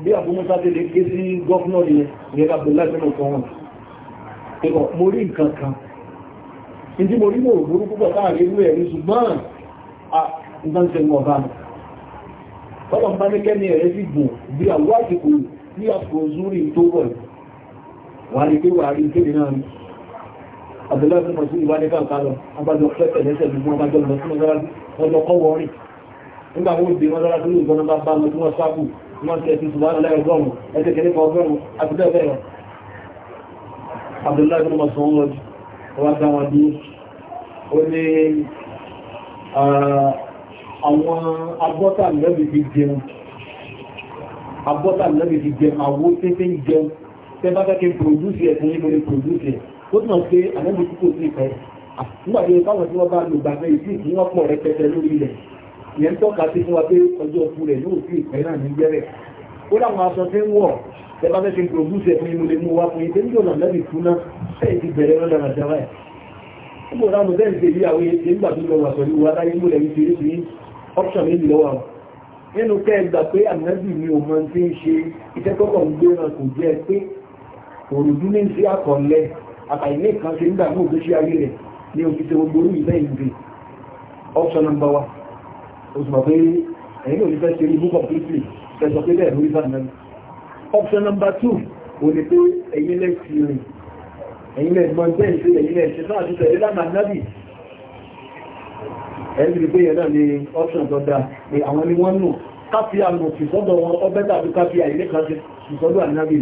bí àbúmọ́sá ti lè ké sí gọ́fúnà yẹn ní ẹgbà bẹ̀lá ìfẹ́ wọn ẹgbà mo rí nǹkan kan ìdí mo rí mo rò burú púpọ̀ káàrin irú ẹ̀rí ṣùgbọ́n à nǹkan ṣe mọ̀ bá mi tọ́lọ̀ ń bá ní kẹ́mi ẹ̀rẹ́ sì gùn bí àwọn àsìkò bí àsìkò zúrí tó wọ̀ wà ní pé wà rí kéde náà ni àbẹ̀lá ìfẹ́ mọ̀ sí ìwádìí kan kálọ̀ abájọ fẹ́fẹ́ lẹ́sẹ̀ gbogbo abájọ lọ sí mọ́sálásí ọjọ́ kọ́ wọ́rin nígbà wọn ò dé mọ́sálásí lóògbọ́n bá bá lọ sí wọn sáàkù wọ́n tẹ́ ti ṣùgbọ́n lẹ́gbọ́n ẹgbẹ́ kẹ́lẹ́ fọ́gbọ́n àti bẹ́ẹ̀ bẹ́ẹ̀ Abdullahi bin Mas'ud wá dáwọn bí ó ní àwọn abọ́ta lẹ́bì fi jẹun abọ́ta lẹ́bì fi jẹun àwọ́ tẹ́fẹ́ jẹun tẹ́ bá fẹ́ kí n pòdúsì ẹ̀ fún yíbo ní pòdúsì ẹ̀ ó túnmọ̀ pé àlẹ́bì púpọ̀ sí ìfẹ́ nígbàtí ìfáwọn tí wọ́n bá lò gbàgbé ìsìn ìwọ́pọ̀ rẹpẹtẹ lórí ilẹ̀ yẹn tọ́ka sí fún wa pé ọjọ́ òkú rẹ̀ yóò sí ìpẹ́ náà ní gbẹ́rẹ̀ ó láwọn aṣọ tí ń wọ̀ tẹ́bá fẹ́ ṣe pòròdúsẹ̀ fún inú lè mú wa fún ìdẹ́jọ́ ọ̀nà lẹ́bí túná fẹ́ẹ̀ ti bẹ̀rẹ̀ lọ́dọ̀ àjàrà ẹ̀ ó bò ráwọn bẹ́ẹ̀ ṣe ìyàwó ètè nígbà tó lọ wà pẹ̀lú wa láyé múlẹ̀ ní ṣe é ọ́pṣọ̀n méjì lọ́wọ́ àwọn nínú kẹ́ ẹ gbà pé ànábì mi kan ṣe nígbà mú ògbésí ayé rẹ̀ ní òfìsẹ́ gbogbo orí ìfẹ́ ìgbé ọ́pṣọ̀n nọ́mbà wa oṣù mọ̀ pé ẹ̀yìn ló ní fẹ́ ṣe ibú completely tẹ̀sọ pé bẹ́ẹ̀ lórí bá mẹ́rin option number two ò ní pé ẹ̀yìn lẹ́ fi rìn ẹ̀yìn lẹ́ mọ bẹ́ẹ̀ ṣe ẹ̀yìn lẹ́ ṣe náà ṣiṣẹ́ ìlànà nábì ẹ̀yìn lè pé yẹn náà ni option tó dáa pé àwọn ni wọ́n nù káfí àmọ̀ ìsọ́dọ̀ wọn ọbẹ̀ tàbí káfí àìlé kan ṣe ìsọ́dọ̀ ànábì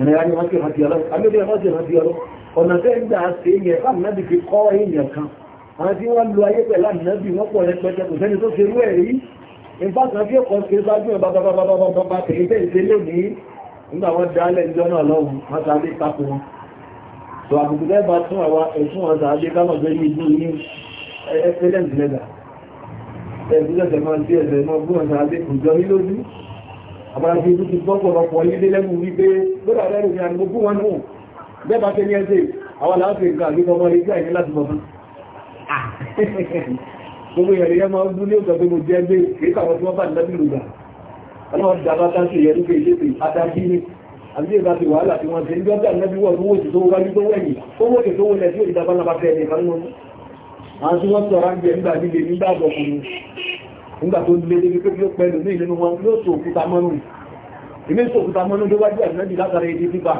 ẹ̀rẹ̀ ya ni wọ́n ti rántí ọlọ́ ọ̀nà tẹ́ ń gbà ṣe yẹn fáwọn nábì fi kọ́ èèyàn kan àwọn tí wọ́n lo ayé pẹ̀lú ànábì wọ́n pọ̀ rẹpẹtẹ kò sẹ́ni tó ṣerú ẹ̀ rí ìfàkàn bí ọkọ̀ ṣe sáájú ẹ̀ bàbàbàbàbà tèyí tẹ́ ìṣẹ́lẹ̀ ní nígbà wọ́n dálẹ̀ ìjọ náà lọ́wọ́ wọ́n sáré tako wọn tó àbùkù lẹ́bà tún àwa ẹ̀sùn wọn sáré kámọ̀ tó ní ìlú ní excellent leather ẹ̀sùlẹ̀sẹ̀ máa tí ẹ̀sẹ̀ náà gún ọ̀sán adé kò jọ ni àgbogbo wọn nù bẹ́ẹ̀ bá tẹ́ ní ẹsẹ̀ gbogbo ìyẹ̀rẹ̀ yẹ́ máa ń dún ní ọ̀gá pé mo jẹ́ gbé kéèkà wọn tí wọ́n bá ní lábí ìrùgbà ọlọ́run dàbá tá sí ìyẹ̀rú pé ìṣèpè àtàkì ni àbí ìgbà ti wàhálà tí wọ́n ti ń gbọ́dọ̀ lábí wọ̀ owó ti tó wájú tó wẹ̀yìn owó ti tó wọlé tí òdìdá bá náà bá fẹ́ ẹni kan nínú àwọn tí wọ́n sọ ra ń jẹ nígbà líle nígbà àbọ̀kùnrin nígbà tó lé débi pé yóò pẹ́lú ní ìlénu wọn yóò sọ òkúta mọ́nù ìmí sọ òkúta mọ́nù tó wájú àdínẹ́bì látara èdè pípa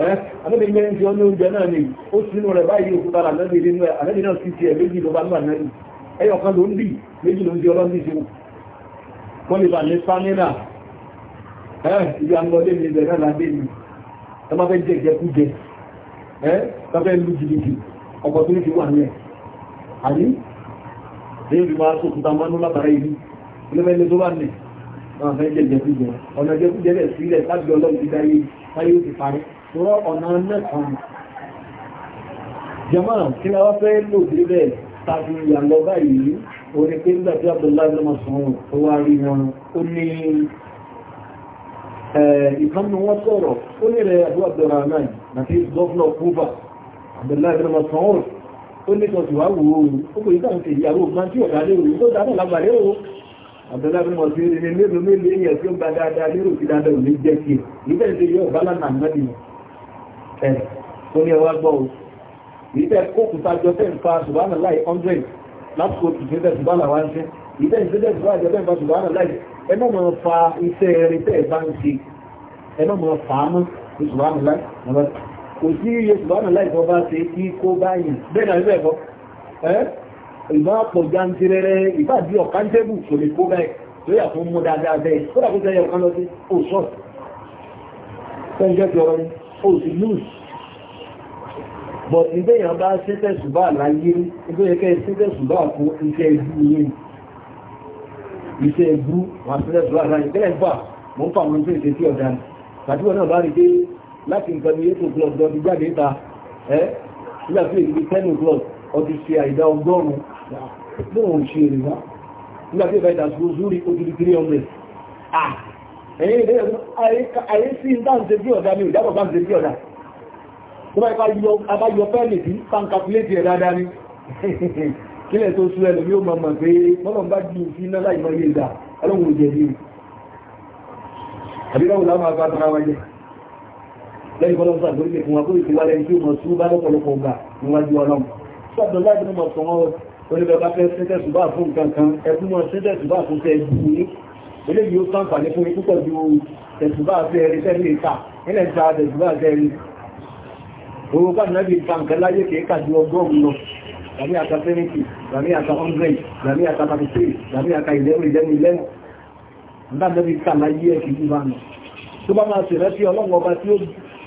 Eh, ànábì mẹ́rin tí ó ní oúnjẹ náà ni ó sínú rẹ̀ báyìí òkúta ànábì nínú ẹ̀ ànábì náà sì ti ẹ̀ méjì ló bá ní ànábì ẹyọ kan ló ń bì méjì ló ń di ọlọ́ndì sí ní àmọ́lé eh, mi mi ẹ fẹ́ jẹ ìjẹkújẹ eh, ẹ lu jìbìtì ọkọ̀ tó ní ti wà ní ẹ̀ àní bí mọ́nú látara tó bá ìjẹkújẹ ọ̀nà rẹ̀ sílẹ̀ láti ọlọ́run ti dáyé ó rọ ọ̀nà mẹ́kan jẹmọ́ kí lọ́wọ́ fẹ́ lò débẹ̀ tàbí ìyàlọ́ báyìí orí pé ń gbàtí Abdullahi lọ́mọ sọ̀rọ̀ tó wá rí wọn ó ní ìkànnì wọn sọ̀rọ̀ ó ní rẹ̀ Abu Abdurrahman àti gọ́fúnà Kúbà Abdullahi lọ́mọ sọ̀rọ̀ ó ní sọ̀tù wá wò ó ó kò yíká ń fi ìyàwó máa tí ọ̀dá lérò tó dáná lágbàlẹ́ o Abdullahi lọ́mọ sọ̀rọ̀ ní mélòó mélòó èèyàn tí ó gba dáadáa lérò sí dáadáa ò ní jẹ́ sí i ìbẹ̀rẹ̀ yóò bá lánàá ẹ̀ tó ní ẹwà gbọ́ ìbẹ̀ kókùtà jọ tẹ́ nǹkan ṣùgbọ́n láì 100 lásìkò ìṣẹ́lẹ̀ ṣùgbọ́n àwọn ṣẹ́ ìbẹ̀ ìṣẹ́lẹ̀ ṣùgbọ́n láì ẹ má máa fa iṣẹ́ eré tẹ́ bá ń ṣe ẹ má máa fa mọ́ ṣùgbọ́n láì kò sí iye ṣùgbọ́n láì tó bá ṣe kí kó báyìí bẹ́ẹ̀ náà bẹ́ẹ̀ bọ́ ìbá pọ̀ jantirẹrẹ ìbá bí ọ̀kan tẹ́bù kò lè kó bẹ́ẹ̀ tó yà fún mú dáadáa bẹ́ẹ̀ kó dà kó tẹ́yẹ ọ̀kan lọ sí òṣọ́ọ̀tì ó sì lose but ìgbéyàn bá ṣẹ́fẹ́ ṣùgbà láyé ìgbéyànkẹ́ ṣẹ́fẹ́ ṣùgbà fún iṣẹ́ ìlú yìí iṣẹ́ ìlú wọn ṣẹ́fẹ́ ṣùgbà láyé tẹ́lẹ̀ gbà mọ́ ń fàwọn tó ìṣẹ́ tí ọ̀dà tàbí wọn náà bá rí dé láti nǹkan ní 8 o'clock lọ ti jáde ta ẹ́ nígbà tí èyí 10 o'clock ọ ti ṣe àìdá ọgọ́rùn-ún lóòrùn ṣe èrè wá nígbà tí ìbá ìdásíwò zúrí ó ti di 300 ah ayé sí ń dáǹsẹ̀ bí ọ̀dá mi ìdábọ̀ bá ń ṣe bí ọ̀dá tó bá abájọ fẹ́lì tí pàǹkàpìlẹ̀tì ẹ̀ dáadáa ní kílẹ̀ tó sú ẹlùmí ó mọ̀mọ̀ pé mọ́lọ̀ bá jù sí iná láì mọ́ ilé ìdá ọlọ́run jẹ ní àbíráwò láwọn àgbà tara wáyé lẹ́yìn kọ́lọ́ sàn lórí ìfún wa tó ìfún wa lẹ́yìn tí ó mọ̀ sú bá lọ́pọ̀lọpọ̀ gbà níwájú ọlọ́run sọ́dọ̀ láti mọ̀ sọ wọn oníbẹ̀ bá fẹ́ sẹ́tẹ̀sùbá fún nǹkan kan ẹkún mọ̀ sẹ́tẹ̀sùbá fún tẹ́ ẹ̀bù eléyìí ó tán pàdé fún púpọ̀ ju tẹ̀sùbá fẹ́ẹ̀rí tẹ́lẹ̀ ìta ilẹ̀ ìta tẹ̀sùbá fẹ́ẹ̀rí owó bá nàbí ìta nǹkan láyé kìí kà ju ọgọ́rùn-ún lọ tàbí àta sẹ́mìtì tàbí àta hundred tàbí àta thirty tàbí àta eleven eleven eleven nígbà nàbí ìta láyé ẹ̀ kìí bá nù tó bá máa ṣèlẹ́ sí ọlọ́run ọba tí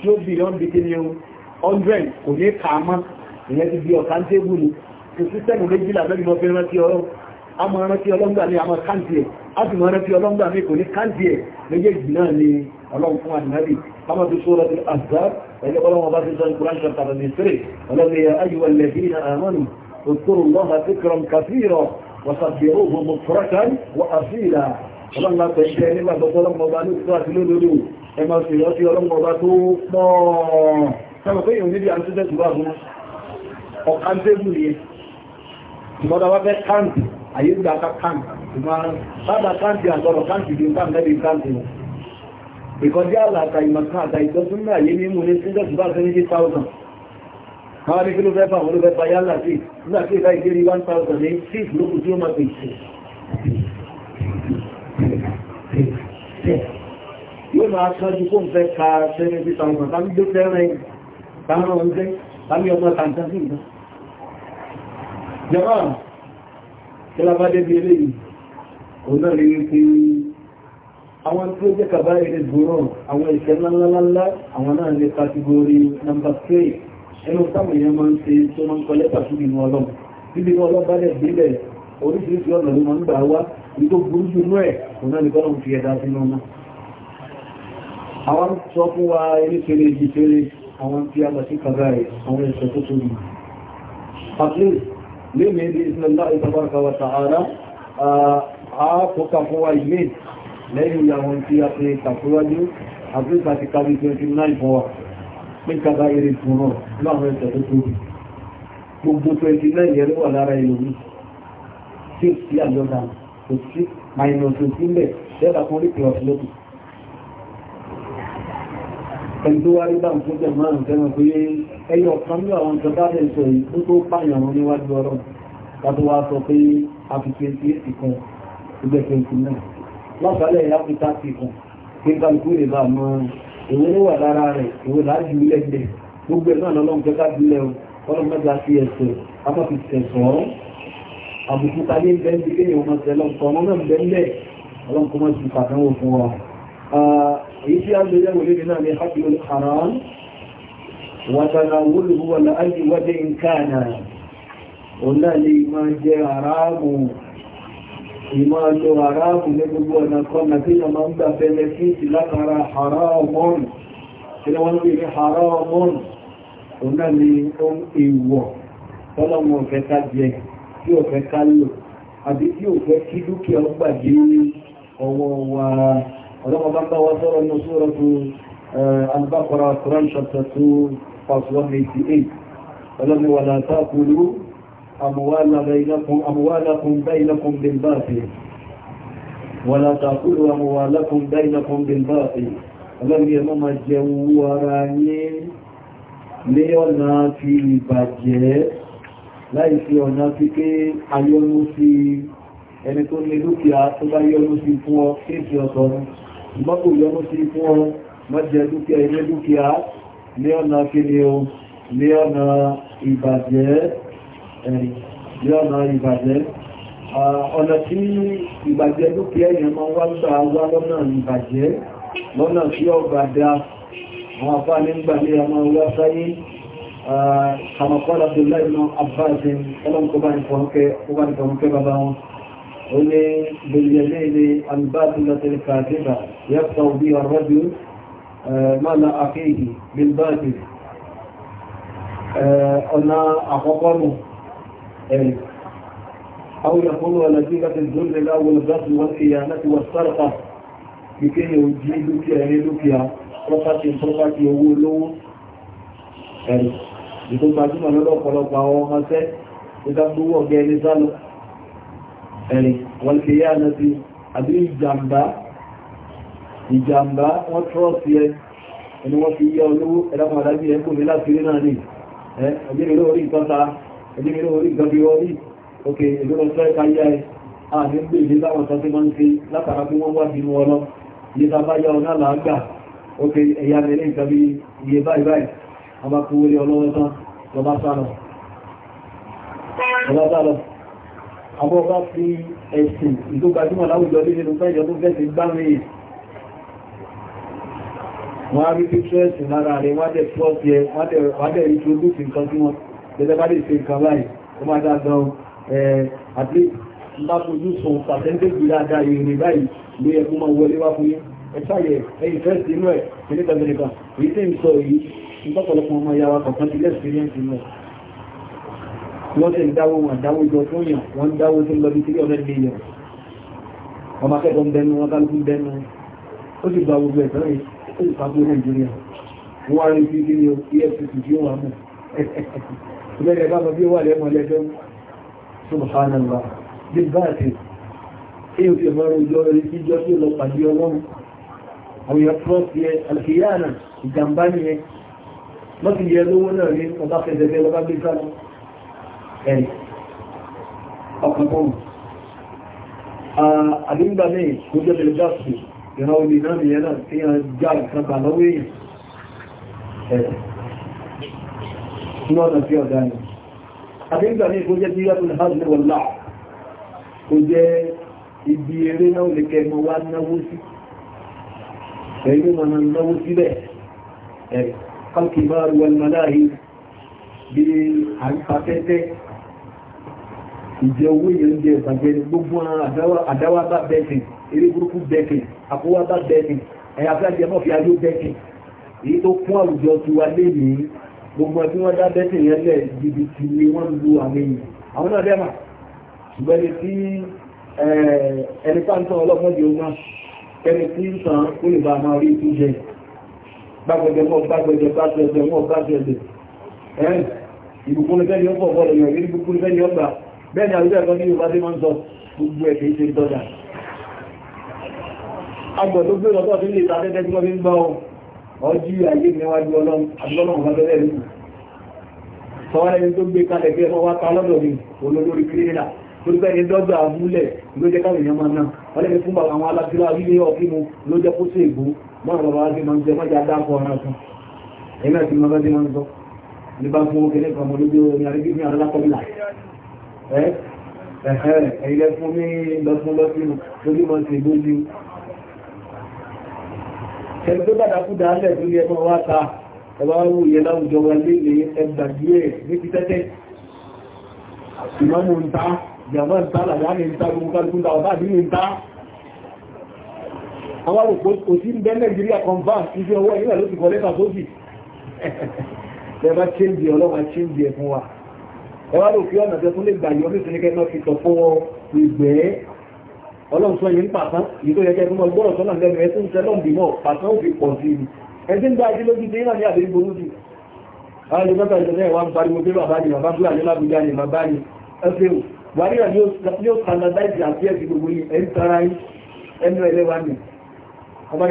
ó bì lọ́n bí a máa rántí ọlọ́ngbà ní àmọ́ káńtì ẹ̀ a sì máa rántí ọlọ́ngbà ní kò ní káńtì ẹ̀ méjèèjì náà ni ọlọ́run fún àdínábì kama tó sọ́rọ̀ tó àzá ẹgbẹ́ ọlọ́run bá ti sọ ní kúrán ṣọ̀tà lọ́nà ìṣẹ́rẹ̀ ọlọ́run yẹ ayíwọ̀ lẹ́bí na àmọ́nù òkúrò lọ́ha tó kọrọ̀ kàfíìrọ̀ wàsàbẹ̀rọ̀ gbogbo fúrakán wà àfíìlà ọlọ́run bá pẹ̀ ṣẹ́ nígbà tó ọlọ́run bá ní ìṣọ́ àti lólórí ẹ fẹ́ káǹtì àyè gba ká kàn ṣùgbọ́n bàbá káǹtì àtọ̀rọ̀ káǹtì bí nǹkan lẹ́bi káǹtì wọn. ìkọjá àlàkà ìmọ̀kan àtà ìtọ́sùn náà yé mímú ní síndọ̀ tó bá fẹ́ ní sí thousand. àwọn ní kí ló fẹ́ fà wọn ló fẹ́ fa yálà sí nígbà tí ìka ìdí rí one thousand ní six lókùn tí ó máa fi ṣe. yóò máa kájú kó n fẹ́ ka seventy kílábádé bí eléyìí òun náà lè wípé àwọn tí ó jẹ́ kàbá ilẹ̀ gbòòrò àwọn ìṣẹ́ ńláńláńlá àwọn náà lè kàtígórí nọmbà 3 ẹnu táwọn èèyàn máa ń ṣe tó máa ń kọ lẹ́tà sí ìlú ọlọ́m bíbí ọlọ́m bá dẹ̀ gbílẹ̀ oríṣiríṣi ọ̀nà ló máa ń gbà wá ní tó burú jù nú ẹ̀ òun náà lè kọ́ lọ́n lónìí بإذن الله تبارك وتعالى àápọ́ká fún wa ilé lẹ́yìn àwọn tí a fi tàkúwájú àfíríkà ti kárí 29 fún wa pín kàbá eré fún náà láwọn ẹ̀sẹ̀ tó tóbi gbogbo 29 yẹn ló wà lára ìlòmí tí ó sí àjọ́dá kò sí minus òsínlẹ̀ tẹ́lá fún orí plus lókù ẹni tó wá rí bá ń ẹyọ ọ̀kan ní àwọn ìjọba lè sọ yìí tó tó pààyàn wọn níwájú ọ̀rọ̀ tàbí wá sọ pé àfikẹ́ sí èsì kan ìgbẹ̀fẹ̀ ìsìn náà lọ́sàálẹ̀ ìyáfíta sí kan pé kálukú lè bá mọ èwo ló wà lára rẹ̀ èwo láàájú lẹ́gbẹ̀ gbogbo ẹ̀ náà lọ́lọ́run jẹ́ kájúlẹ̀ ọlọ́run mẹ́ta sí ẹ̀sẹ̀ apáfi tẹ̀sán àbùkù tayé ń bẹ́ẹ̀ dípé èèyàn ọmọ tẹ̀lọ́ nǹkan ọmọ náà bẹ́ẹ̀ lẹ̀ ọlọ́run kọ́ mọ́ sí pàdánwò fún wa ah, èyí tí a lè yẹ̀wò lé وتناوله ولأي وجه كان قلنا لي ما جاء عرام ما جاء عرام نقول وانا قلنا فينا من ذا بنفيت لقرا حرام فينا وانا حرام قلنا لي ام ايوه فلما فتاجه tí ó fẹ́ ká lò àbí tí ó fẹ́ kí dúkìá ó gbàgbé ní ọwọ́ wa ọlọ́mọbá bá wá sọ́rọ̀ ní Suratu Al-Baqarah Quran chapter 2 verse 188 ọlọ́ni wà látàkùlú àmúwálàkùn bẹ́ẹ̀lẹ́kùn bilbáàfì wà látàkùlú àmúwálàkùn bẹ́ẹ̀lẹ́kùn bilbáàfì ọlọ́ni ẹmọ́ ma jẹun wára ní lé ọ̀nà fi ìbàjẹ́ láì fi ọ̀nà fi ké ayọ́nú sí ẹni tó ní dúkìá tó bá yọ́nú sí fún ọ kéèkì ọ̀tọ̀ ní ọ̀nà kíni o ní ọ̀nà ìbàjẹ́ ní ọ̀nà ìbàjẹ́ ọ̀nà tí ìbàjẹ́ dúkìá èèyàn máa wá gbà wá lọ́nà ìbàjẹ́ lọ́nà tí ó gbà dá àwọn afá nígbà ní ọmọ wá sáyé kàmàkọ́lá tó láìmọ́ àbájẹ́ ọlọ́nkọ́bá nìfọ̀nkẹ́ bàbá wọn ó ní bèèrè ní ilé àlùbáàtì lọ́tẹ̀lẹ̀ mọ́lá àkéèkì bilbati ọ̀nà àkọ́kọ́ nù ẹ̀rì أو يكون ونزيلة الذل الأول الغسل والخيانة والسرقة بكي يجي لكيا لكيا pọ́pátì pọ́pátì owó olówó ẹ̀rù ìtò gbajúmọ̀ lọ́dọ̀ ọ̀pọ̀lọpọ̀ àwọn ọmọṣẹ́ ìdágbówó ọ̀gẹ́ ẹni sálọ ẹ̀rì wọ́n kìí ìjàmbá wọ́n trọ́ọ̀sì ẹ ẹni wọ́n fi yá olówó ẹ̀dàkùn àdájí ẹ̀ kò ní láti rí náà ní ẹ̀ẹ́dìmìlò orí ìtọ́ta ẹ̀dìmìlò orí ìgbàbí orí òkè ìlúrọ̀ sẹ́ẹ̀ká yá ẹ àní ń gbé ìlé táwọn sọ sí máa ń fi látara bí wọ́n wá bínú ọlọ́ iye tá bá yá ọ náà làágbà òkè ẹ̀yà mẹ́lẹ́ ìgbàbí iye báyìí báyìí a bá kú wọlé ọlọ́wọ́ tán lọ́bá sá lọ àwọn ọba fi ẹ̀sìn ìdógbàjúmọ̀ láwùjọ nínú fẹ́jọ tó fẹ́ ti gbáwé wọ́n á rí pítrẹ́sì lára rẹ̀ wọ́n dẹ̀ pọ́ọ̀sì ẹ wọ́n dẹ̀ introduce nǹkan tí wọ́n tẹ́lẹ̀ bá lè ṣe nǹkan báyìí ó máa dáadáa at least bá fojú sun pàtẹ́ńtẹ́jì dáadáa ìrìn báyìí ló yẹ kó máa wọlé wá fún yín ẹ̀sáyẹ̀ ẹ̀yìn fẹ́ẹ̀sì inú ẹ̀ kìníkà mẹ́ríkà èyí tí ń sọ èyí ìtọ́pọ̀lọpọ̀ ọmọ yàwá kọ̀kan ti lẹ́sìpíríẹ̀nsì inú ẹ̀ wọ́n tẹ̀ dáwó wọn dáwó jọ tó yàn wọ́n dáwó tó lọ bí tí ọ̀rẹ́ lè yàn ọmọ akẹ́kọ̀ọ́ ń bẹnu wọn kálukú ń bẹnu ó sì gba gbogbo ẹ̀sán fún ìpàgbé nàìjíríà wọ́n rí bí kí ni efcc bí wọ́n mú ìbẹ̀rẹ̀ bá bí wà lẹ́mọ̀ lẹ́jọ́ subhanallah bí báàtì tí o fi mọ́rọ̀ ìjọ rẹ̀ sí ìjọ tí ó lọ pàdé ọlọ́run àwọn èèyàn trọ́ọ̀tì ẹ alfiyana ìjàmbá ni ẹ lọ́sì yẹ ní ọba fẹ̀sẹ̀fẹ̀ lọ́ba ìran omi náà ni ẹ̀nà tí a já ìkàbà lọ́wọ́ èèyàn ẹ̀rẹ̀ lọ́nà tí ọ̀dá ni àdínkà ní ìkó jẹ́ tí yàtò ní hajj wọ láà kó jẹ́ ibi eré náà lè kẹmọ wá náwó sí ẹ̀rí mọ̀nà náwó síbẹ̀ ẹ̀rẹ̀ ìjẹ owó èèyàn jẹ ìbàjẹ́ gbogbo àdáwà bá bẹ́ẹ̀ eré burúkú bẹ́ẹ̀kì àkówábá bẹ́ẹ̀kì ẹ̀yà fẹ́jẹ̀ mọ́ fi ayó bẹ́ẹ̀kì èyí tó kún àwùjọ ti wá lé ní gbogbo ẹbí wọ́n dá bẹ́ẹ̀kì yẹn lẹ̀ jìbìtì ni wọ́n lu àwọn èèyàn àwọn náà dẹ́mà ṣùgbọ́n ẹni tí ẹni pàǹtàn ọlọ́mọdé ogun kẹni tí ń san ó lè bá máa rí ikú jẹ gbàgbẹ̀gbẹ̀ mọ́ gbàgbẹ̀gbẹ̀ gbàgbẹ̀gbẹ̀ mọ́ gbàgbẹ̀gbẹ̀ ẹ̀ ìbùkúnlẹ́fẹ́ ni agbọ̀ tó gbé lọ́tọ̀ tó lè tàbẹ́tẹ́ tí wọ́n fi ń gbọ́ ọjí ayé níwájú ọlọ́run àti ọlọ́run bá bẹ́rẹ̀ rí sọ́wọ́n ẹni tó gbé kalẹ̀ bí ẹ̀fọ́ wá ta lọ́dọ̀ mi olólórí kírínà torípé ẹni dọ́gba àmúlẹ̀ ló jẹ́ káwọn èèyàn máa ná wọ́n lẹ́ni fún àwọn alágbèrè ilé ọ̀kí mu ló jẹ́ kó sí ègbó mọ́ àwọn bàbá bí máa ń jẹ mọ́jà dáàbò ọ̀ràn kan èmi àti màmá bí máa ń sọ ní bá fún òkèlè kan mo lójú orin àrígbé ní alákọ̀ọ́lá ẹ̀ẹ́ ẹ̀ẹ́ ẹ̀yìn lẹ́fún ní lọ́fún lọ́fún lójú mọ́ sí ègbó ẹni tó dàdà kú dáálẹ̀ tó yẹ mọ́ wá ta ẹwà wù yẹ láwùjọ wa lélẹ̀ ẹgbà díẹ̀ ní ti tẹ́tẹ́ ìmọ̀mù ń ta jàmọ́ ń ta làdá ní ń ta gbogbo kálukú ta ọ̀tá àdínú ń ta àwọn òpó kò sí ń bẹ́ Nàìjíríà confam ibi ọwọ́ ìlà ló ti kọ́ lẹ́ta sóbì ẹ̀bá chéńjì ọlọ́wà chéńjì ẹ̀ fún wa ẹwà ló fi ọ̀nà tẹ́tún lè gbà yọ ní ìsinikẹ́ náà fi tọ̀ fún ìgbẹ́ ọlọ́run sọ yìí ń pàtán yìí tó yẹ kẹ́ fún ọgbọ́rọ̀ sọ́nà lẹ́nu ẹ̀ tó ń tẹ́lọ̀ bí mọ́ pàtán ó fi pọ̀ sí i ẹ̀sìn ń gba ẹjí lójú sí náà ní àbí burú sí àwọn ìjọba ìjọba ìwà ń pariwo pé bàbá ni bàbá ni bàbá ni ẹsẹ̀ o wàrí rẹ̀ ni ó standardize àti ẹ̀sìn gbogbo yìí ẹ̀ ń tara yín ẹnu ẹlẹ́wà ni ọba